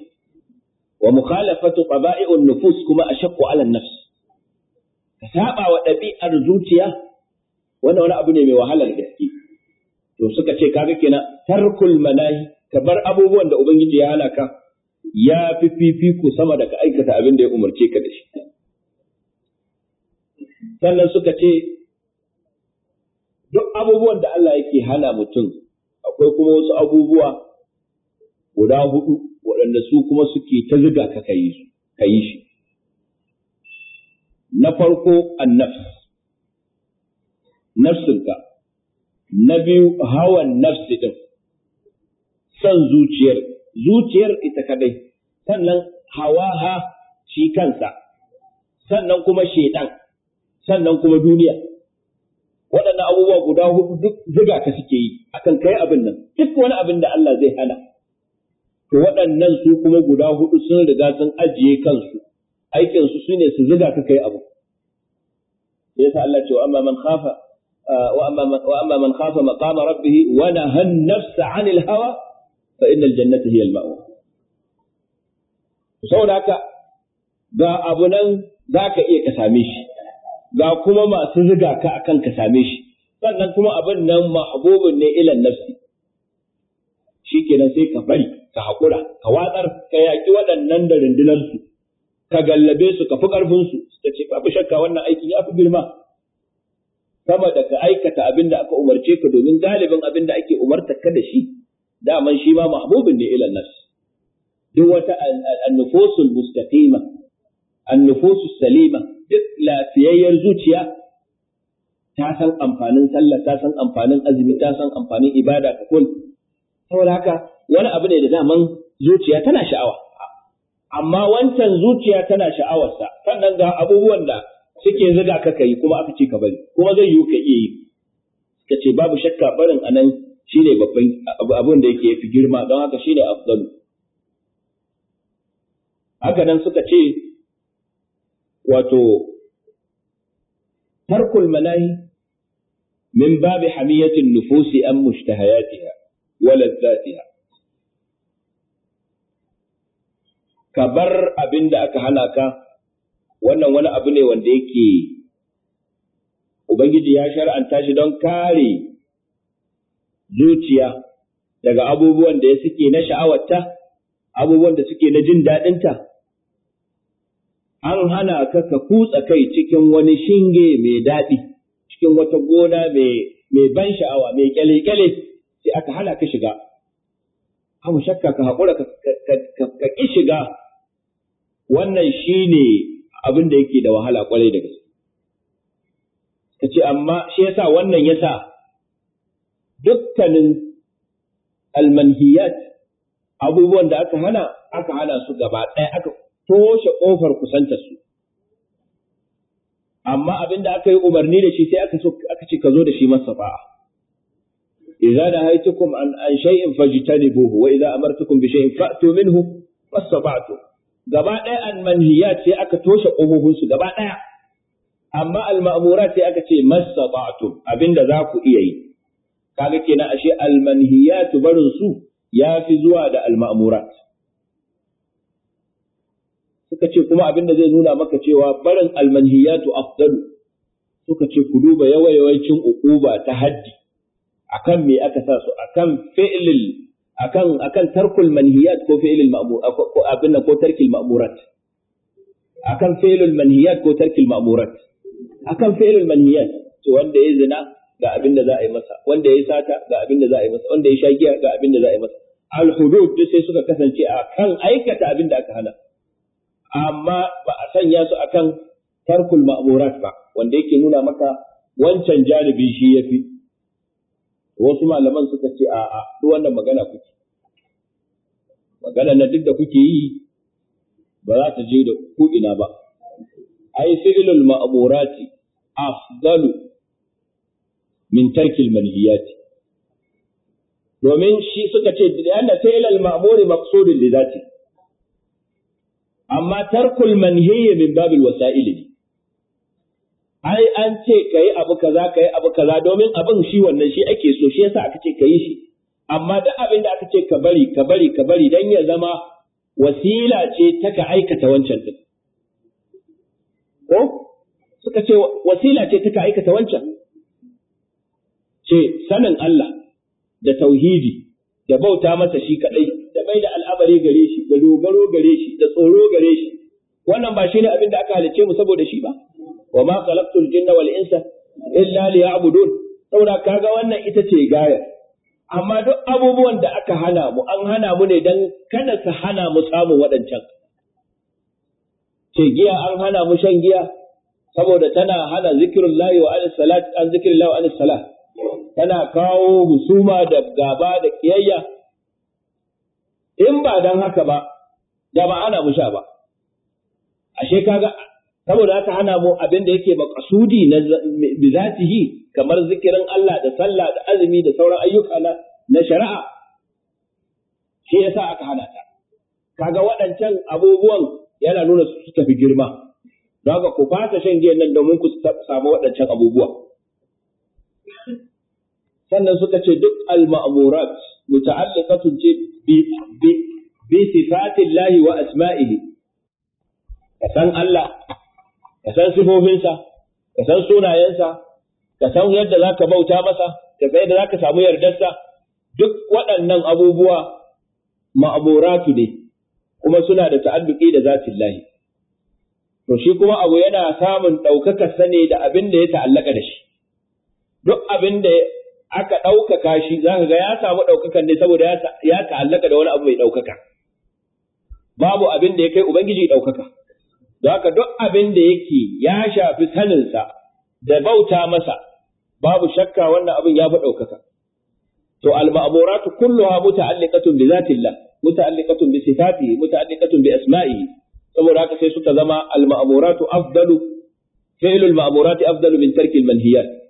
Speaker 2: wa mukhalafatu qaba'i'un nufus kuma a shakku alan nafs. Ka saba wa ɗabi'ar zuciya wannan wani abu ne mai wahalar gaske. To suka ce kaga kenan tarkul manahi ka bar abubuwan da Ubangiji ya halaka ya fi fifiko sama da ka aikata abin da ya umarce ka da shi. Sannan suka ce duk abubuwan da Allah yake hana mutum akwai kuma wasu abubuwa guda hudu waɗanda su kuma suke ta ziga ka ka yi shi na farko annafs nafsinka na biyu hawan nafsi din son zuciyar zuciyar ita kadai sannan hawaha shi kansa sannan kuma shedan sannan kuma duniya waɗannan abubuwa guda hudu duk ziga ka suke yi akan kai abin nan duk wani abin da Allah zai hana to waɗannan su kuma guda hudu sun riga sun ajiye kansu aikin su shine su ziga ka kai abu yasa Allah ce wa amma man khafa wa amma man khafa maqama rabbih wa naha an-nafsa 'anil hawa fa innal jannata hiya al-ma'wa saboda haka ga abu nan za ka iya ka same shi ga kuma masu ziga ka akan ka same shi sannan kuma abin nan mahbubun ne ilan nafsi Shi shikenan sai ka bari ka haƙura ka watsar ka yaƙi waɗannan da rundunarsu ka gallabe su ka fi ƙarfinsu ta ce babu shakka wannan aikin ya fi girma sama da ka aikata abin da aka umarce ka domin galibin abin da ake umarta ka da shi daman shi ma mahbubin ne ilan nafsi duk wata annufosul mustaqima annufosul salima lafiyayyar zuciya ta san amfanin sallah ta san amfanin azumi ta san amfanin ibada ka kul saboda haka wani abu ne da daman zuciya tana sha'awa amma wancan zuciya tana sha'awarsa sannan ga abubuwan da suke zuga ka kai kuma aka ce ka bari kuma zai yiwu ka iya yi ka ce babu shakka barin anan shine babban abun da yake fi girma don haka shine afdalu haka nan suka ce wato tarkul manahi min babi hamiyatin nufusi an mushtahayatiha wa ladzatiha ka bar abin da aka hana ka wannan wani abu ne wanda yake ubangiji ya shar'anta shi don kare zuciya daga abubuwan da suke na sha'awata, abubuwan da suke na jin daɗinta an hana ka ka kutsa kai cikin wani shinge mai daɗi cikin wata gona mai ban sha'awa mai kyale-kyale sai aka hana ka shiga abu shakka ka haƙura ka ƙi shiga wannan shi ne abin da yake da wahala ƙwarai da gaske ka ce amma shi yasa wannan yasa dukkanin almanhiyat abubuwan da aka hana aka hana su gaba ɗaya aka toshe ƙofar kusanta su amma abin da aka yi umarni da shi sai aka so aka ce ka zo da shi Iza idza haitukum an an shay'in fajtanibuhu wa idza amartukum bi shay'in fa'tu minhu masafa'tu gaba ɗaya an manhiyat sai aka toshe ƙofofin su gaba ɗaya amma al ma'murat sai aka ce masafa'tum abinda za ku iya yi kaga kenan ashe al manhiyat barin su fi zuwa da al ma'murat suka ce kuma abin da zai nuna maka cewa barin almanhiyatu afdalu suka ce ku duba yawayawancin uquba ta haddi akan me aka sa su akan fi'lil akan akan tarkul manhiyat ko fi'lil ma'mur ko abin ko tarkil ma'murat akan fi'lil manhiyat ko tarkil ma'murat akan fi'lil manhiyat to wanda ya zina ga abin da za a yi masa wanda ya sata ga abin da za a yi masa wanda ya sha giya ga abin da za a yi masa al hudud sai suka kasance akan aikata abin da aka hana amma ba a sanya su akan tarkul ma'murat ba wanda yake nuna maka wancan janibi shi yafi wasu malaman suka ce a a duk wannan magana kuke magana na duk da kuke yi ba za ta je da ku ina ba ai fi'lul ma'murati afdalu min tarkil manhiyati domin shi suka ce da yana ta ilal ma'muri maqsudin li amma tarkul manhiyya min babil wasa'ili ai an ce kai abu kaza kai abu kaza domin abin shi wannan shi ake so shi yasa aka ce kai shi amma duk abin da aka ce ka bari ka bari ka bari dan ya zama wasila ce ta ka aikata wancan din ko suka ce wasila ce ta ka aikata wancan ce sanin Allah da tauhidi da bauta masa shi kadai al'amari gare shi da dogaro gare shi da tsoro gare shi wannan ba shine abin da aka halice mu saboda shi ba wa ma khalaqtul jinna wal insa illa liya'budun saboda kaga wannan ita ce gaya amma duk abubuwan da aka hana mu an hana mu ne dan kada su hana mu samu waɗancan ce giya an hana mu shan giya saboda tana hana zikirullahi wa anis salat an zikirullahi wa anis salat tana kawo husuma da gaba da kiyayya in ba dan haka ba da ba ana musha ba ashe kaga saboda haka hana mu abin da yake makasudi na bizatihi kamar zikirin Allah da sallah da azumi da sauran ayyuka na, shari'a shi yasa aka hana ta kaga waɗancan abubuwan yana nuna su tafi girma don ku fata shan giyan nan domin ku samu waɗancan abubuwa sannan suka ce duk al-ma'murat muta'alliqatun ce bi bi sifatillahi wa asma'ihi ka san Allah ka san sifofinsa ka san sunayensa ka san yadda ka bauta masa ka san da zaka samu yardarsa duk waɗannan abubuwa ma'aburatu ne kuma suna da ta'alluqi da zafin lahi. shi kuma abu yana samun ɗaukakar sane da abin da ya ta'allaka da shi duk abin aka ɗaukaka shi za ka ga ya samu ɗaukakan ne saboda ya ta'allaka da wani abu mai ɗaukaka. Babu abin da ya kai Ubangiji ɗaukaka. Don haka duk abin da yake ya shafi saninsa da bauta masa babu shakka wannan abin ya fi ɗaukaka. To al-ma'muratu kulluha muta'alliqatun bi zatillah, muta'alliqatun bi sifatihi, muta'alliqatun bi asma'ihi. Saboda haka sai suka zama al-ma'muratu afdalu fi'lul ma'murati afdalu min tarkil manhiyat.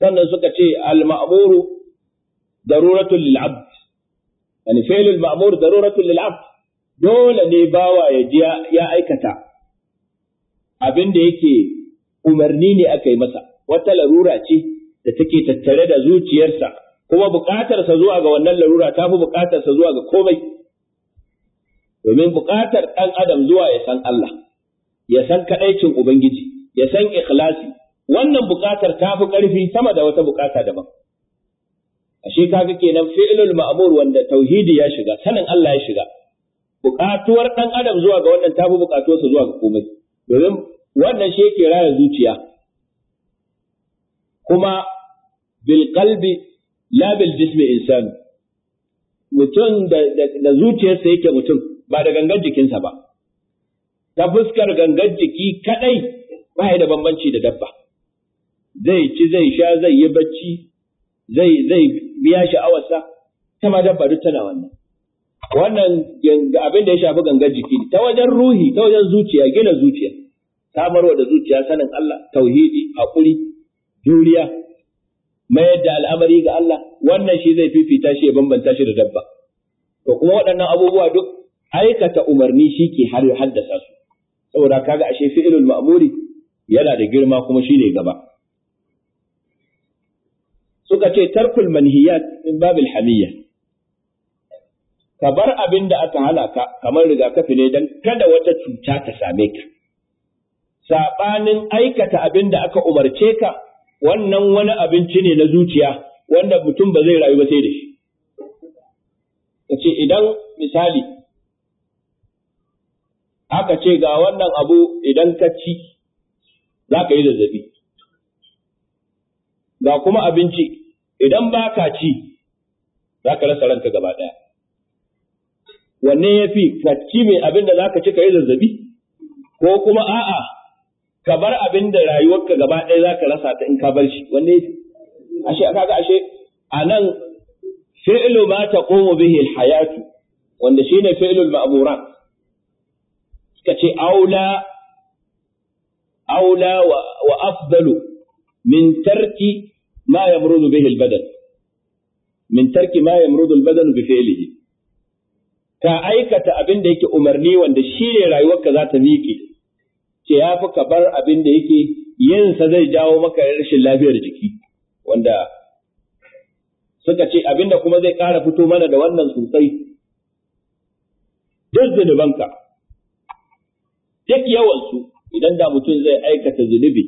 Speaker 2: sannan suka ce al-ma'muru daruratul lil abd yani fi'lul ma'mur daruratul lil dole ne bawa ya ji ya aikata abin da yake umarni ne aka yi masa wata larura ce da take tattare da zuciyarsa kuma buƙatarsa zuwa ga wannan larura ta fi buƙatarsa zuwa ga komai domin buƙatar ɗan adam zuwa ya san Allah ya san kaɗaicin Ubangiji ya san ikhlasi wannan buƙatar ta fi ƙarfi sama da wata buƙata daban A ashe kaga kenan fi'ilul ma'amur, wanda tauhidi ya shiga sanin Allah ya shiga buƙatuwar ɗan adam zuwa ga wannan fi buƙatuwarsa zuwa ga komai domin wannan shi yake raya zuciya kuma bil qalbi la bil jismi insanu mutum da zuciyarsa yake mutum ba da gangan jikinsa ba ta fuskar gangan jiki kaɗai. ba da bambanci da dabba zai ci zai sha zai yi bacci zai zai biya sha'awarsa ta ma dabba duk tana wannan wannan abin da ya shafi gangar jiki ta wajen ruhi ta wajen zuciya gina zuciya samarwa da zuciya sanin Allah tauhidi hakuri juriya mayar da al'amari ga Allah wannan shi zai fifita shi ya bambanta shi da dabba to kuma waɗannan abubuwa duk aikata umarni shi ke haddasa su saboda kaga ashe fi'ilul ma'muri yana da girma kuma shi ne gaba suka ce tarkul manhiyat min babil hamiyya ka bar abin da aka halaka kamar rigakafi ne don kada wata cuta ta same ka saɓanin aikata abin da aka umarce ka wannan wani abinci ne na zuciya wanda mutum ba zai rayu ba sai da shi ka ce idan misali aka ce ga wannan abu idan ka ci za ka yi zazzabi ga kuma abinci idan ba ka ci za ka rasa ranka gaba ɗaya wanne ya fi ka ci mai abin da za ka ci ka yi zazzabi ko kuma a'a ka bar abin da rayuwarka gaba ɗaya za ka rasa ta in ka bar shi wanne ya fi ashe ga ashe a nan fi'lu ma taqumu bihi hayatu wanda shine fi'lul ma'amuran. suka ce aula aula wa, wa afdalu min tarki ما يمرض به البدن من ترك ما يمرض البدن بفعله ka aikata abin da yake umarni wanda shi ne rayuwarka za ta miƙe ce ya fi ka bar abin da yake yinsa zai jawo maka rashin lafiyar jiki wanda suka ce abin da kuma zai ƙara fito mana da wannan sosai duk zunubanka duk yawansu idan da mutum zai aikata zunubi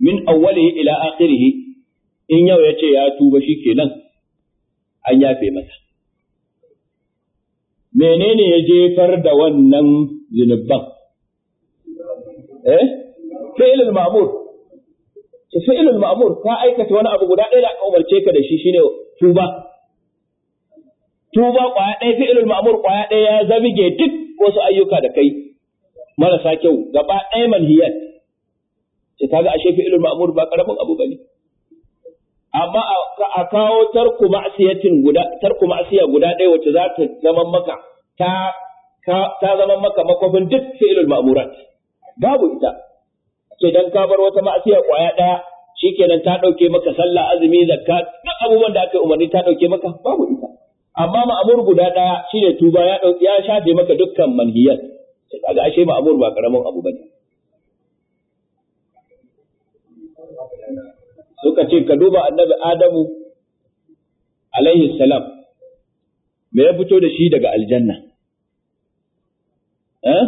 Speaker 2: min awwalihi ila akhirihi in yau ya ce ya tuba shi kenan an yafe masa menene ya jefar da wannan zunubban eh fi'ilul ma'mur fi'ilul ma'amur ka aikata wani abu guda ɗaya da aka umarce ka da shi shine tuba tuba ƙwaya ɗaya fi'ilul ma'amur ƙwaya ɗaya ya zabige duk wasu ayyuka da kai marasa kyau gaba ɗaya manhiyat ce ga ashe fi'ilul ma'amur ba ƙaramin abu ba ne. amma a kawo tarku ma'asiyatin guda tarku ma'asiya guda ɗaya wacce za ta zama maka ta ta zama maka makofin duk fi'ilul ma'murat babu ita ce dan ka bar wata ma'asiya kwaya ɗaya shikenan ta ɗauke maka sallah azumi zakka duk abubuwan da aka umarni ta ɗauke maka babu ita amma ma'amur guda ɗaya shine tuba ya ya shafe maka dukkan manhiyat kaga ashe ma'amur ba karamin abu bane suka ce ka duba annabi Adamu alaihi salam me ya fito da shi daga aljanna eh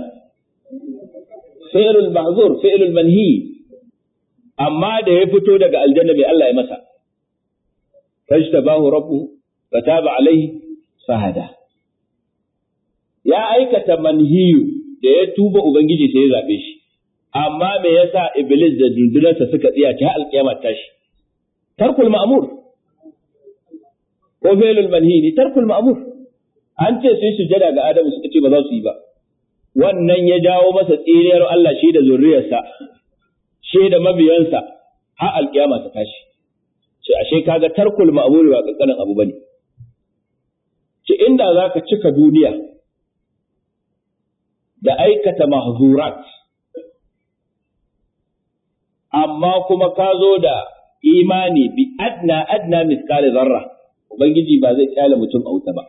Speaker 2: fi'lul mahzur fi'lul manhi amma da ya fito daga aljanna me Allah ya masa fajtabahu rabbu fataba alaihi fahada ya aikata manhiyu da ya tuba ubangiji sai ya zabe shi amma me yasa iblis da dundunarsa suka tsiya ta alƙiyama tashi tarkul ma'mur ko fi'lul manhi ne tarkul ma'mur an ce sai sujada ga Adamu suka ce ba za su yi ba wannan ya jawo masa tsiriyar Allah shi da zurriyarsa shi da mabiyansa har alkiyama ta tashi ce ashe kaga tarkul ma'muri ba kankanin abu bane ce inda ka cika duniya da aikata mahzurat amma kuma ka zo da imani bi adna adna mithqala zarra ubangiji ba zai kyale mutum a wuta ba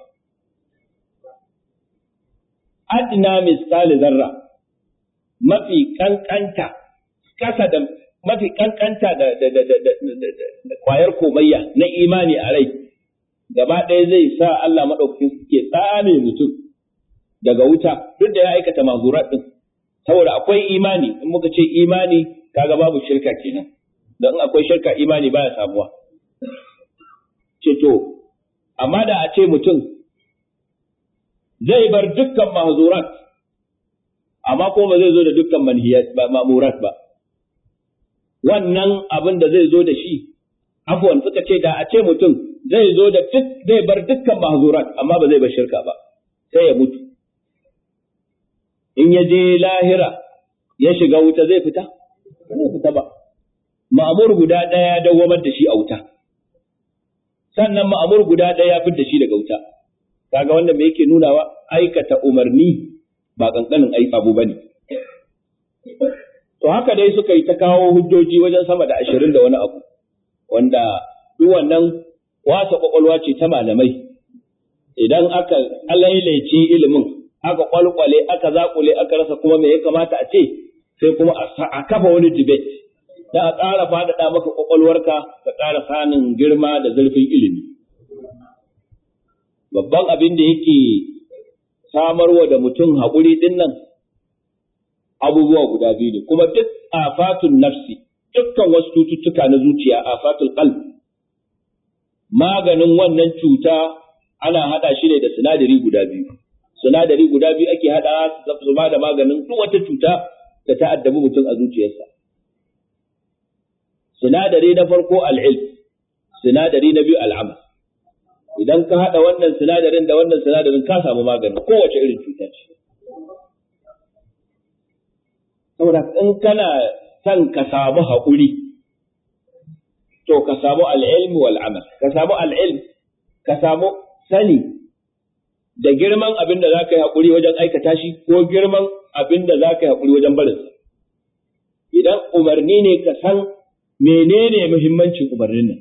Speaker 2: adna mithqala zarra mafi kankanta kasa da mafi kankanta da da da da kwayar komayya na imani a rai gaba ɗaya zai sa Allah madaukakin suke tsame mutum daga wuta duk da ya aikata mazurat din saboda akwai imani in muka ce imani kaga babu shirka kenan in akwai shirka imani baya samuwa ce to amma da a ce mutum zai bar dukkan mahzurat amma ko ba zai zo da dukkan manhiyat ba mamurat ba wannan abin da zai zo da shi afwan suka ce da a ce mutum zai zo da duk zai bar dukkan mahzurat amma ba zai bar shirka ba sai ya mutu in ya je lahira ya shiga wuta zai fita ba zai fita ba ma'amur guda ɗaya ya dawwamar da shi a wuta sannan ma'amur guda ɗaya ya fidda shi daga wuta kaga wanda me yake nunawa aikata umarni ba kankanin ai abu bane to haka dai suka yi ta kawo hujjoji wajen sama da ashirin da wani abu wanda duk wannan wasa kwakwalwa ce ta malamai idan aka alailaici ilimin aka kwalkwale aka zakule aka rasa kuma me ya kamata a ce sai kuma a kafa wani debate da a ƙara faɗaɗa maka ƙwaƙwalwarka ka ƙara sanin girma da zurfin ilimi. Babban abin da yake samarwa da mutum haƙuri ɗin nan abubuwa guda biyu ne, kuma duk a fatun nafsi, dukkan wasu cututtuka na zuciya a fatun qalb maganin wannan cuta ana haɗa shi ne da sinadari guda biyu. Sinadari guda biyu ake haɗa su ba da maganin duk wata cuta da ta addabi mutum a zuciyarsa. sinadari na farko al'ilm sinadari na biyu al'amal idan ka haɗa wannan sinadarin da wannan sinadarin ka samu ko kowace irin cuta ce saboda in kana son ka samu haƙuri to ka samu al'ilm wal amal ka samu al'ilm ka samu sani da girman abin da za ka yi haƙuri wajen aikata shi ko girman abin da za ka yi haƙuri wajen barinsa idan umarni ne ka san menene muhimmancin umarnin nan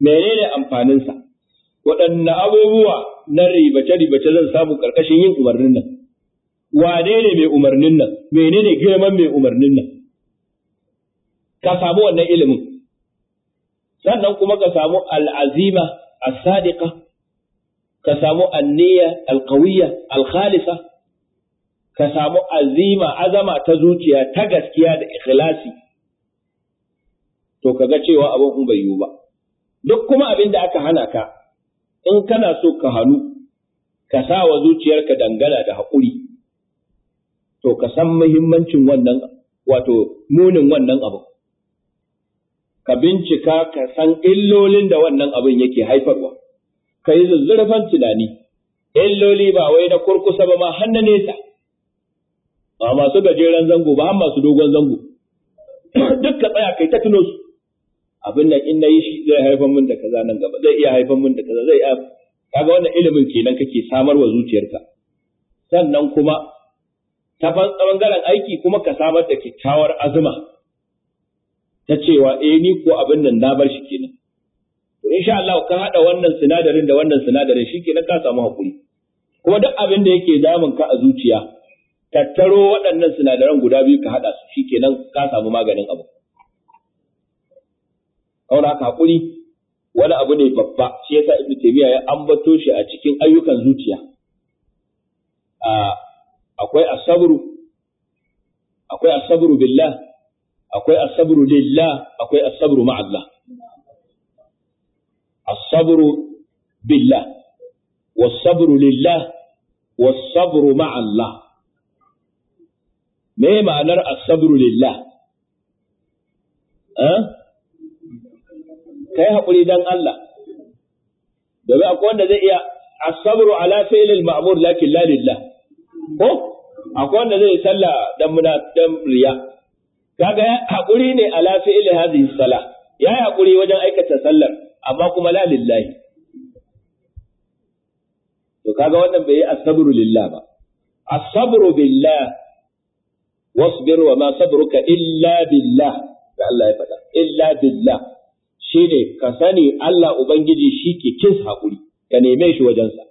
Speaker 2: menene amfaninsa waɗanne abubuwa na ribace-ribace zan samu ƙarƙashin yin umarnin nan wane ne mai umarnin nan menene girman mai umarnin nan ka samu wannan ilimin sannan kuma ka samu al'azima as-sadiqa ka samu anniya al alkhalisa ka samu azima azama ta zuciya ta gaskiya da ikhlasi to ka ga cewa abin bai yiwu ba duk kuma abin da aka hana ka in kana so ka hannu ka sa wa zuciyarka dangana da haƙuri to ka san muhimmancin wannan wato munin wannan abu ka bincika ka san illolin da wannan abin yake haifarwa ka yi zuzzurfan tunani illoli ba wai na kurkusa ba ma har nesa ba masu gajeren zango ba har masu dogon zango duk ka tsaya kai ta tuno su abin nan in nayi shi zai haifar min da kaza nan gaba zai iya haifar min da kaza zai iya kaga wannan ilimin kenan kake samar wa zuciyarka sannan kuma ta bangaren aiki kuma ka samar da kyakkyawar azuma ta cewa eh ni ko abin nan na bar shi kenan to insha Allah ka hada wannan sinadarin da wannan sinadarin shikenan ka samu hakuri kuma duk abin da yake damun ka a zuciya tattaro waɗannan sinadaran guda biyu ka haɗa su shikenan ka samu maganin abu saboda kakuri wani abu ne babba shi yasa ibnu taymiya ya ambato shi a cikin ayyukan zuciya akwai asabru akwai asabru billah akwai asabru lillah akwai asabru ma'a Allah asabru billah wasabru lillah wa ma'a Allah me ma'anar asabru lillah eh kai haƙuri dan Allah domin akwai wanda zai iya asabru ala fi'lil ma'mur lakin la lillah ko akwai wanda zai sallah dan muna dan riya kaga haƙuri ne ala fi'li hadhihi salah yayi haƙuri wajen aikata sallar amma kuma la lillahi to kaga wannan bai yi asabru lillah ba asabru billah wasbir wa ma sabruka illa billah da Allah ya faɗa illa billah ne ka sani Allah Ubangiji shi ke kinsa haƙuri, ka neme shi wajensa.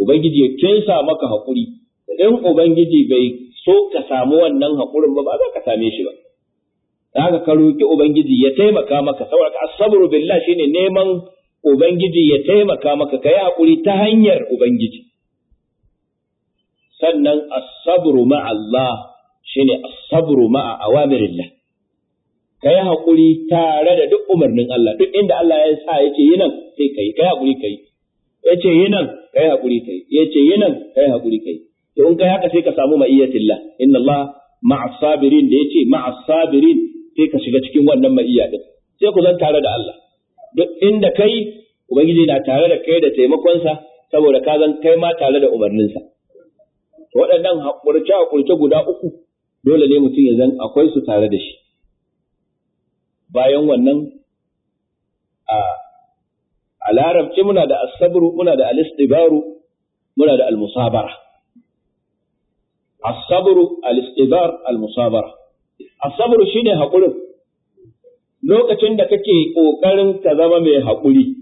Speaker 2: Ubangiji ya kinsa maka haƙuri, in Ubangiji bai so ka samu wannan haƙurin ba, ba za ka same shi ba. Da haka ka roƙi Ubangiji ya taimaka maka, saboda billa billah ne neman Ubangiji ya taimaka maka, ka yi haƙuri ta hanyar Ubangiji. Sannan asabru shi shine asabar ma'a awamirillah. ka yi haƙuri tare da duk umarnin Allah duk inda Allah ya sa ya ce yi nan sai ka yi ka yi haƙuri ka yi ya ce yi nan ka yi haƙuri ka yi ya ce yi nan ka yi haƙuri ka yi to in kai haka sai ka samu ma'iyyatillah inna Allah ma'asabirin sabirin da ya ce ma'asabirin sai ka shiga cikin wannan ma'iyya din sai ku zan tare da Allah duk inda kai ubangiji na tare da kai da taimakonsa saboda ka zan kai ma tare da umarninsa. Waɗannan haƙurce-haƙurce guda uku dole ne mutum ya zan akwai su tare da shi. bayan wannan a larabci muna da asabru muna da alistibaru muna da almusabara asabru alistibar almusabara asabru shine haƙurin lokacin da kake ƙoƙarin ka zama mai haƙuri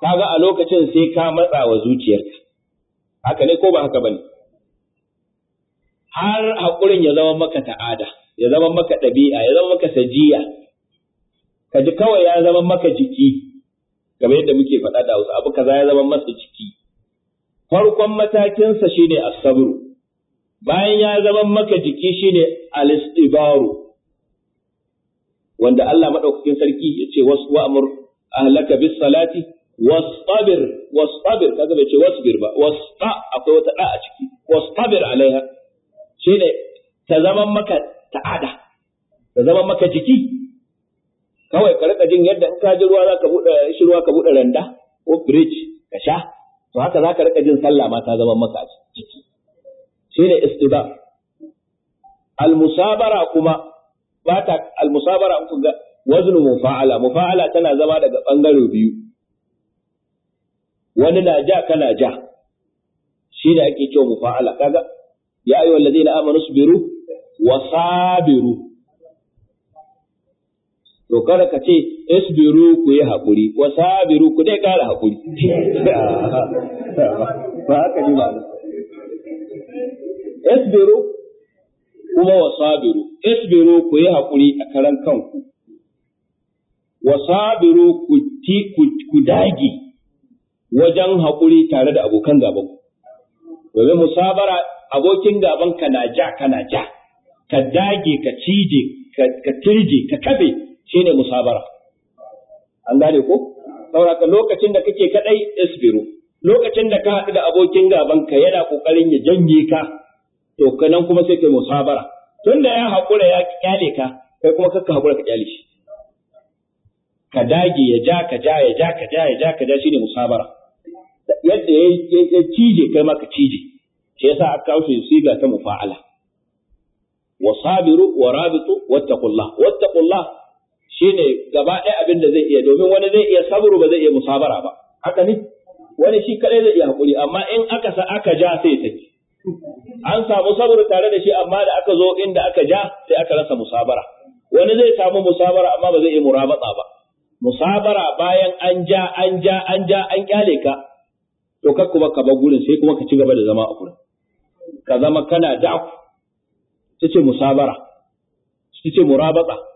Speaker 2: kaga a lokacin sai ka matsa wa zuciyarka haka ne ko ba haka bane har haƙurin ya zama maka ta'ada ya zama maka ɗabi'a ya zama maka sajiya ka ji kawai ya zama maka jiki kamar yadda muke faɗa da wasu abu kaza ya zama masa jiki farkon matakinsa shine asabru bayan ya zama maka jiki shine al-istibaru wanda Allah madaukakin sarki ya ce wasu wa'amur ahlaka bis salati wastabir wastabir kaga bai ce wasbir ba wasta akwai wata da a ciki wastabir alaiha shine ta zama maka ta'ada ta zama maka jiki kawai ka rika jin yadda in ka ji ruwa za ka buɗe shi ruwa ka buɗe randa ko bridge ka sha to haka za ka rika jin sallah ma ta zama maka a ciki shine istiba al-musabara kuma ba ta al-musabara kun ga waznu mufa'ala mufa'ala tana zama daga bangare biyu wani na ja kana ja shi ne ake cewa mufa'ala kaga ya ayyuhal ladina amanu subiru wa sabiru to kada ka ce isbiru ku yi haƙuri wa sabiru ku dai ƙara haƙuri ba haka ji ba isbiru kuma wa sabiru isbiru ku yi haƙuri a karan kanku wa sabiru ku dage wajen haƙuri tare da abokan gaban domin musabara abokin gaban ka na ja kana ja ka dage ka cije ka tirje ka kabe Shi ne musabara an gane ko sauraka lokacin da kake kadai isbiru lokacin da ka haɗu da abokin gaban ka yana ƙoƙarin ya janye ka to kanan kuma sai kai musabara tunda ya haƙura ya ƙyale ka kai kuma kakka haƙura ka ƙyale shi ka dage ya ja ka ja ya ja ka ja ya ja ka ja shi ne musabara yadda ya cije kai maka cije shi yasa aka kawo shi siga ta mufa'ala wa sabiru wa rabitu wattaqullah wattaqullah shine gaba ɗaya abin da zai iya domin wani zai iya saburu ba zai iya musabara ba haka ne wani shi kadai zai iya hakuri amma in aka sa aka ja sai take an samu saburu tare da shi amma da aka zo inda aka ja sai aka rasa musabara wani zai samu musabara amma ba zai iya murabatsa ba musabara bayan an ja an ja an ja an kyale ka to kar kuma ka bar gurin sai kuma ka ci gaba da zama a gurin ka zama kana da'ku ce musabara Ta ce murabatsa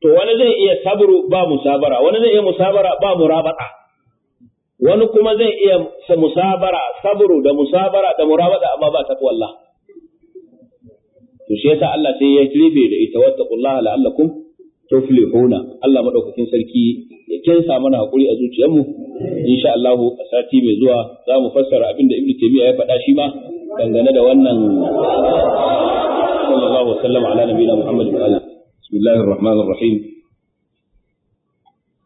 Speaker 2: to wani zai iya sabru ba musabara wani zai iya musabara ba murabata wani kuma zai iya musabara sabru da musabara da murabata amma ba kwalla to shi yasa Allah sai ya rufe da ita wattaqullaha la'allakum tuflihuna Allah madaukakin sarki ya kinsa mana hakuri a zuciyarmu insha Allah a sati mai zuwa za mu fassara abin da Ibn Taymiyyah ya faɗa shi ma dangane da wannan sallallahu alaihi wa sallam ala nabiyina Muhammad wa الله الرحمن rahim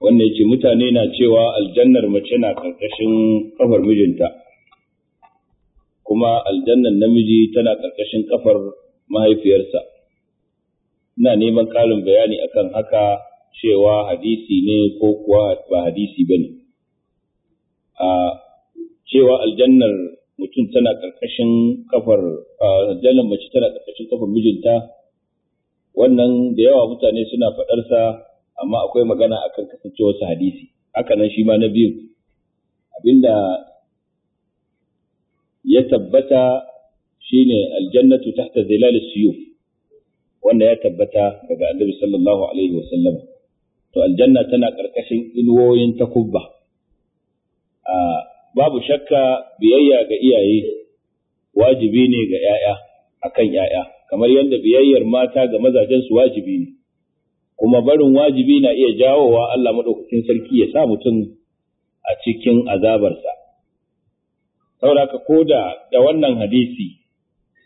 Speaker 2: wannan yace mutane na cewa aljannar mace na karkashin kafar mijinta kuma aljannar namiji tana karkashin kafar mahaifiyarsa ina neman ƙarin bayani akan haka cewa hadisi ne ko kuwa ba hadisi bane a cewa aljannar mutum tana ƙarƙashin kafar aljannar mace tana ƙarƙashin kafar mijinta wannan da yawa mutane suna faɗarsa amma akwai magana akan kasancewarsa hadisi haka nan shi ma na biyu abinda ya tabbata shine aljannatu tahta zilal siyuf wanda ya tabbata daga annabi sallallahu alaihi wasallam to aljanna tana ƙarƙashin inuwoyin takubba babu shakka biyayya ga iyaye wajibi ne ga 'ya'ya akan 'ya'ya kamar yadda biyayyar mata ga mazajen su wajibi ne kuma barin wajibi na iya jawowa Allah madaukakin sarki ya sa mutum a cikin azabarsa saboda ko da da wannan hadisi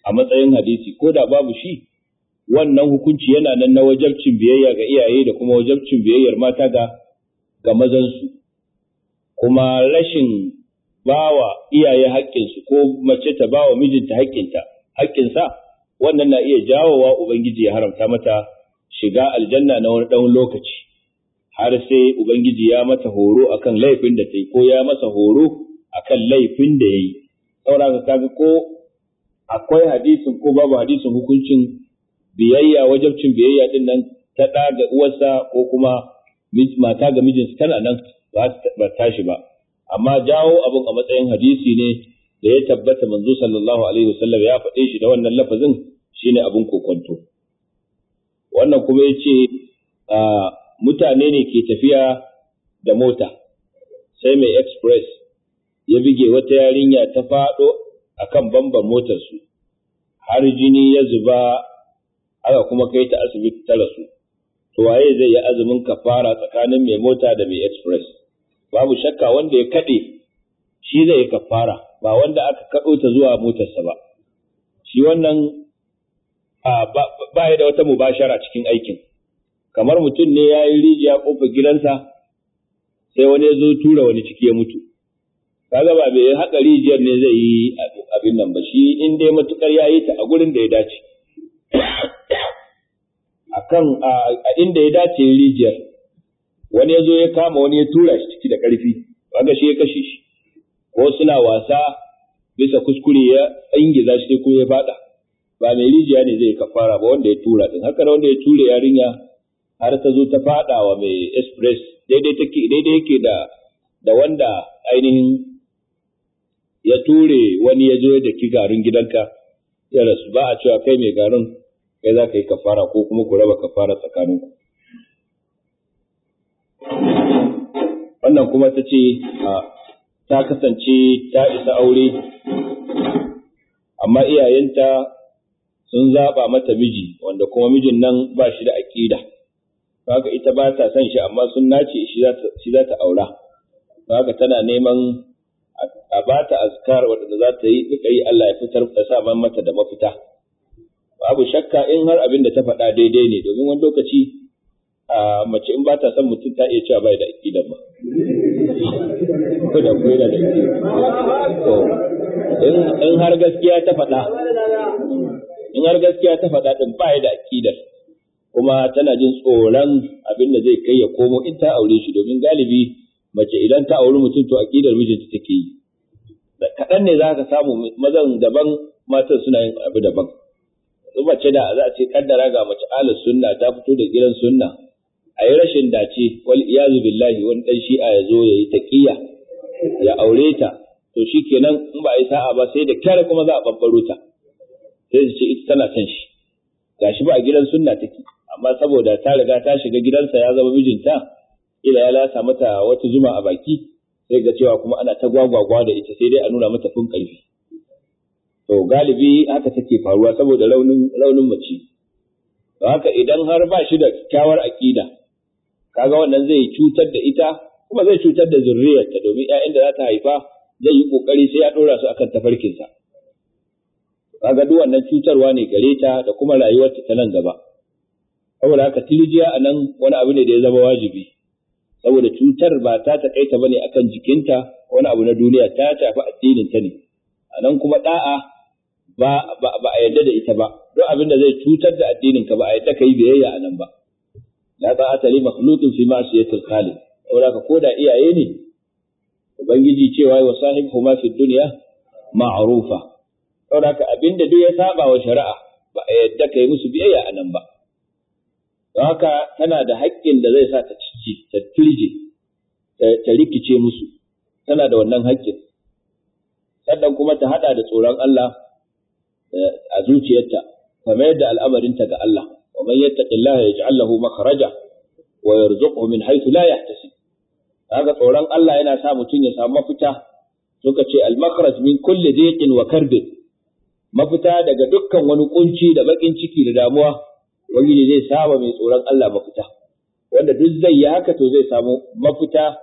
Speaker 2: a matsayin hadisi ko da babu shi wannan hukunci yana nan na wajabcin biyayya ga iyaye da kuma wajabcin biyayyar mata ga ga mazansu kuma rashin bawa iyaye haƙƙinsu ko mace ta bawa mijinta haƙƙinta haƙƙinsa wannan na iya jawowa ubangiji ya haramta mata shiga aljanna na wani ɗan lokaci har sai ubangiji ya mata horo a kan laifin da ta yi ko ya masa horo a kan laifin da ya yi saboda kaga ko akwai hadisin ko babu hadisin hukuncin biyayya wajabcin biyayya din nan ta ɗa uwarsa ko kuma mata ga mijinsa tana nan ba ta tashi ba amma jawo abin a matsayin hadisi ne da ya tabbata manzo sallallahu alaihi wasallam ya faɗe shi da wannan lafazin shine abin kokonto wannan kuma ya ce mutane ne ke tafiya da mota sai mai express ya bige wata yarinya ta faɗo a kan bamban motarsu har jini ya zuba aka kuma kai ta asibiti ta rasu to waye zai yi azumin kafara tsakanin mai mota da mai express babu shakka wanda ya kaɗe shi zai yi kafara ba wanda aka kaɗo ta zuwa motarsa ba shi wannan ba ya da wata mubashara cikin aikin kamar mutum ne ya yi rijiya ƙofa gidansa sai wani ya zo tura wani ciki ya mutu kaga ba bai haƙa rijiyar ne zai yi abin nan ba shi in dai matukar ya yi ta a gurin da ya dace akan a inda ya dace rijiyar wani ya zo ya kama wani ya tura shi ciki da ƙarfi kaga shi ya kashe shi ko suna wasa bisa kuskure ya ingiza shi ko ya fada ba mai rijiya ne zai kafara ba wanda ya tura din haka da wanda ya tura yarinya har ta zo ta fada wa mai express daidai take daidai yake da da wanda ainihin ya ture wani ya zo da ki garin gidanka ya rasu ba a cewa kai mai garin kai za ka yi kafara ko kuma ku raba kafara ku wannan kuma ta ce a ah, ta kasance ta isa aure, amma iyayenta sun zaɓa mata miji wanda kuma mijin nan ba shi da aƙida. Haka ita ba ta son shi amma sun nace shi za ta aura. Haka tana neman a ba ta azkar waɗanda za ta yi duka yi Allah ya fitar da sa mata da mafita. Babu shakka in har abin da ta faɗa daidai ne domin wani lokaci a mace in ba ta son mutum ta iya cewa bai da aƙidan ba. da kuma da shi in har gaskiya ta faɗa in har gaskiya ta faɗa din ba da akidar kuma tana jin tsoron abin da zai kai ya komo in ta aure shi domin galibi mace idan ta auri mutum to akidar mijinta take yi kaɗan ne za ka samu mazan daban matan suna yin abu daban in mace da za a ce kaddara ga mace ala sunna ta fito da gidan sunna a yi rashin dace wal iyazu billahi wani dan shi'a ya zo ya yi taqiya
Speaker 1: ya aure ta
Speaker 2: to shi kenan in ba a yi sa'a ba sai da kyara kuma za a babbaro ta sai su ce ita tana son shi gashi ba a gidan sunna take amma saboda ta riga ta shiga gidansa ya zama mijinta ila ya lasa mata wata zuma a baki sai ga cewa kuma ana ta gwagwagwa da ita sai dai a nuna mata fin ƙarfi to galibi haka take faruwa saboda raunin raunin mace haka idan har ba shi da kyawar aƙida kaga wannan zai cutar da ita kuma zai cutar da zurriyarta domin ‘ya'yan da za ta haifa zai yi ƙoƙari sai ya ɗora su akan tafarkinsa. Kaga duk wannan cutarwa ne gare ta da kuma rayuwarta ta nan gaba. Saboda haka tilijiya a nan wani abu ne da ya zama wajibi. Saboda cutar ba ta taƙaita ba ne akan jikinta wani abu na duniya ta shafi addininta ne. A nan kuma ɗa'a ba, a yarda da ita ba, duk abin da zai cutar da addinin ka ba a yarda ka yi biyayya a nan ba. ta'a ta li makhluqin fi ma'siyatil khaliq. saboda ka koda iyaye ne ubangiji cewa wa sahibu ma fi dunya ma'rufa saboda ka abinda duk ya saba wa shari'a ba a yadda kai musu biyayya a ba don haka tana da haƙƙin da zai sa ta cici ta turje ta rikice musu tana da wannan haƙƙin sannan kuma ta haɗa da tsoron Allah eh, a zuciyarta ta mayar da al'amarinta ga Allah wa man yattaqillaha yaj'al lahu makhraja wa yarzuqhu min haythu la yahtasib kaga tsoron Allah yana sa mutum ya samu mafita suka ce al-makhraj min kulli dhiqin wa karbin mafita daga dukkan wani kunci da bakin ciki da damuwa wani ne zai saba mai tsoron Allah mafita wanda duk zai yi haka to zai samu mafita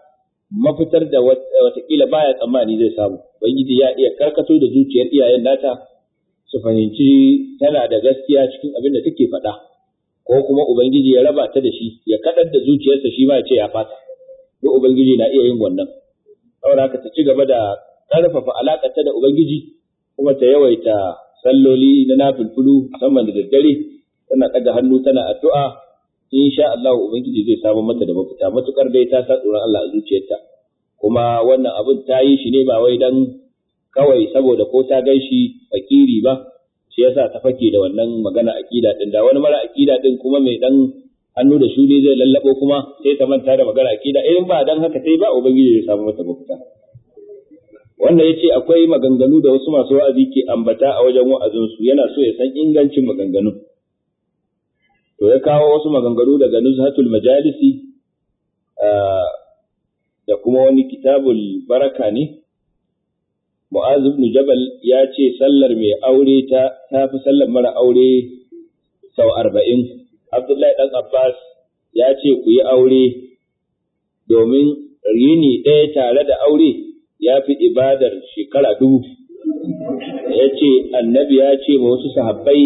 Speaker 2: mafitar da watakila baya tsammani zai samu ubangiji ya iya karkato da zuciyar iyayen nata su fahimci tana da gaskiya cikin abin da take faɗa ko kuma ubangiji ya raba ta da shi ya kaɗar da zuciyarsa shi ma ya ce ya fata to ubangiji na iya yin wannan saboda haka ta ci gaba da karfafa ta da ubangiji kuma ta yawaita salloli na nafilfulu musamman da daddare tana ɗaga hannu tana addu'a insha Allah ubangiji zai samu mata da mafita matukar dai ta sa tsoron Allah a zuciyarta kuma wannan abin ta yi shi ne ba wai dan kawai saboda ko ta gan shi fakiri ba shi yasa ta fake da wannan magana akida din da wani mara akida din kuma mai dan hannu da shuni zai lallabo kuma sai ta manta da magana akida eh, in ba dan haka sai ba ubangiji ya samu mata mafita wannan yace akwai maganganu da wasu masu wa'azi ke ambata a wajen wa'azin su yana so ya san ingancin maganganun to ya kawo wasu maganganu daga Nuzhatul Majalisi da kuma wani kitabul baraka ne Mu'az ibn Jabal ya ce sallar mai aure ta ta fi sallar mara aure sau arba'in Abdullahi ɗan Abbas ya ce ku yi aure domin yini ɗaya tare da aure ya fi ibadar shekara dubu. Ya ce annabi ya ce ma wasu sahabbai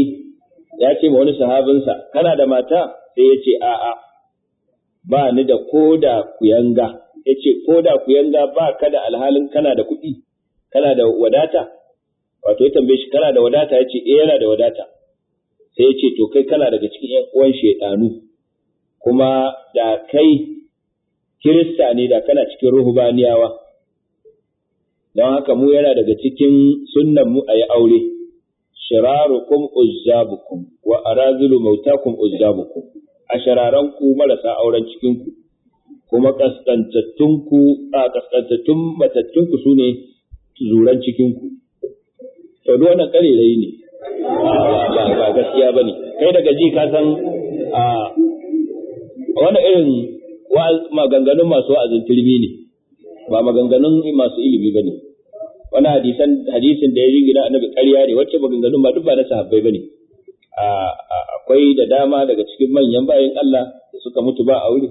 Speaker 2: ya ce ma wani sahabinsa kana da mata sai ya ce a'a ba ni da koda kuyanga ya ce koda kuyanga ba ka da alhalin kana da kuɗi kana da wadata wato ya tambaye shi kana da wadata ya ce eh, yana da wadata sai ya ce to kai kana daga cikin ‘yan uwan shaidanu kuma da kai kirista ne da kana cikin ruhubaniyawa don haka mu yana daga cikin sunnan mu a yi aure shirarukum uzzabukum wa arazilu mautakum uzzabukum a shararan ku marasa auren cikin ku kuma kaskantattun ku a kaskantattun matattun ku sune zuran cikin ku to duk kare rai ne kai daga ji ka san a wani irin maganganun masu wa'azin turmi ne ba maganganun masu ilimi ba ne wani hadisan hadisin da ya yi gina annabi ƙarya ne wacce maganganun ba duk ba na sahabbai ba ne akwai da dama daga cikin manyan bayan Allah da suka mutu ba a wuri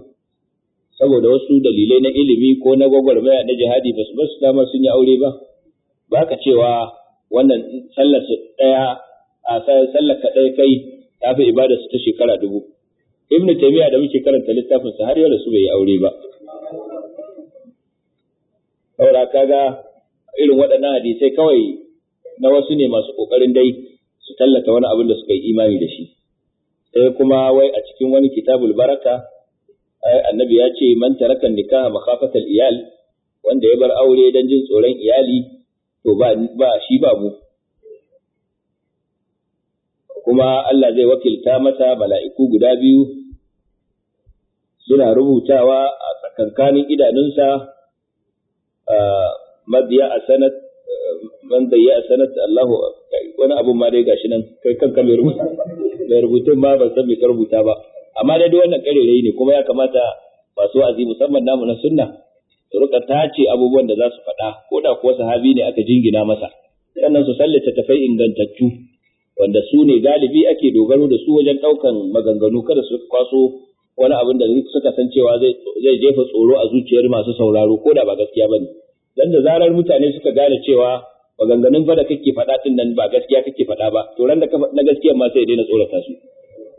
Speaker 2: saboda wasu dalilai na ilimi ko na gwagwarmaya na jihadi ba su ba su damar sun yi aure ba ba ka cewa wannan sallar ɗaya a sallar ka ɗaya kai ta fi ibada su ta shekara dubu ibnu taymiya da muke karanta littafin sa har yau da su bai yi aure ba saboda kaga irin waɗannan hadisai kawai na wasu ne masu kokarin dai su tallata wani abin da suka yi imani da shi sai kuma wai a cikin wani kitabul baraka annabi ya ce man tarakan nikaha makhafatal iyal wanda ya bar aure dan jin tsoron iyali to ba ba shi ba mu kuma Allah zai wakilta mata mala'iku guda biyu suna rubutawa a tsakankanin idanunsa mabiya a sanat man yi a sanat Allahu wani abun ma dai gashi nan kai kanka kame rubuta mai rubutun ma ban san mai rubuta ba amma dai duk wannan karerai ne kuma ya kamata masu wa'azi musamman namu na sunna su tace abubuwan da za su faɗa ko da kuwa sahabi ne aka jingina masa sannan su sallata tafai ingantattu wanda su ne galibi ake dogaro da su wajen ɗaukan maganganu kada su kwaso wani abin da suka san cewa zai jefa tsoro a zuciyar masu sauraro ko da ba gaskiya ba ne dan da zarar mutane suka gane cewa maganganun fa da kake faɗa ɗin nan ba gaskiya kake faɗa ba to ran da ka na gaskiya ma sai daina tsorata su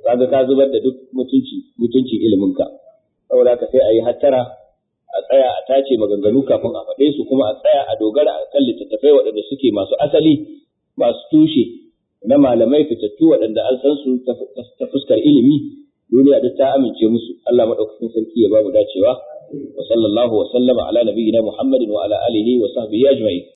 Speaker 2: kaga ka zubar da duk mutunci mutuncin ilimin ka saboda haka sai a yi hattara a tsaya a tace maganganu kafin a faɗe su kuma a tsaya a dogara a kan littattafai waɗanda suke masu asali masu tushe na malamai fitattu waɗanda an san su ta fuskar ilimi duniya da ta amince musu Allah madaukakin sarki ya ba mu dacewa wa sallallahu wa sallama ala nabiyina Muhammadin wa ala alihi wa sahbihi ajma'in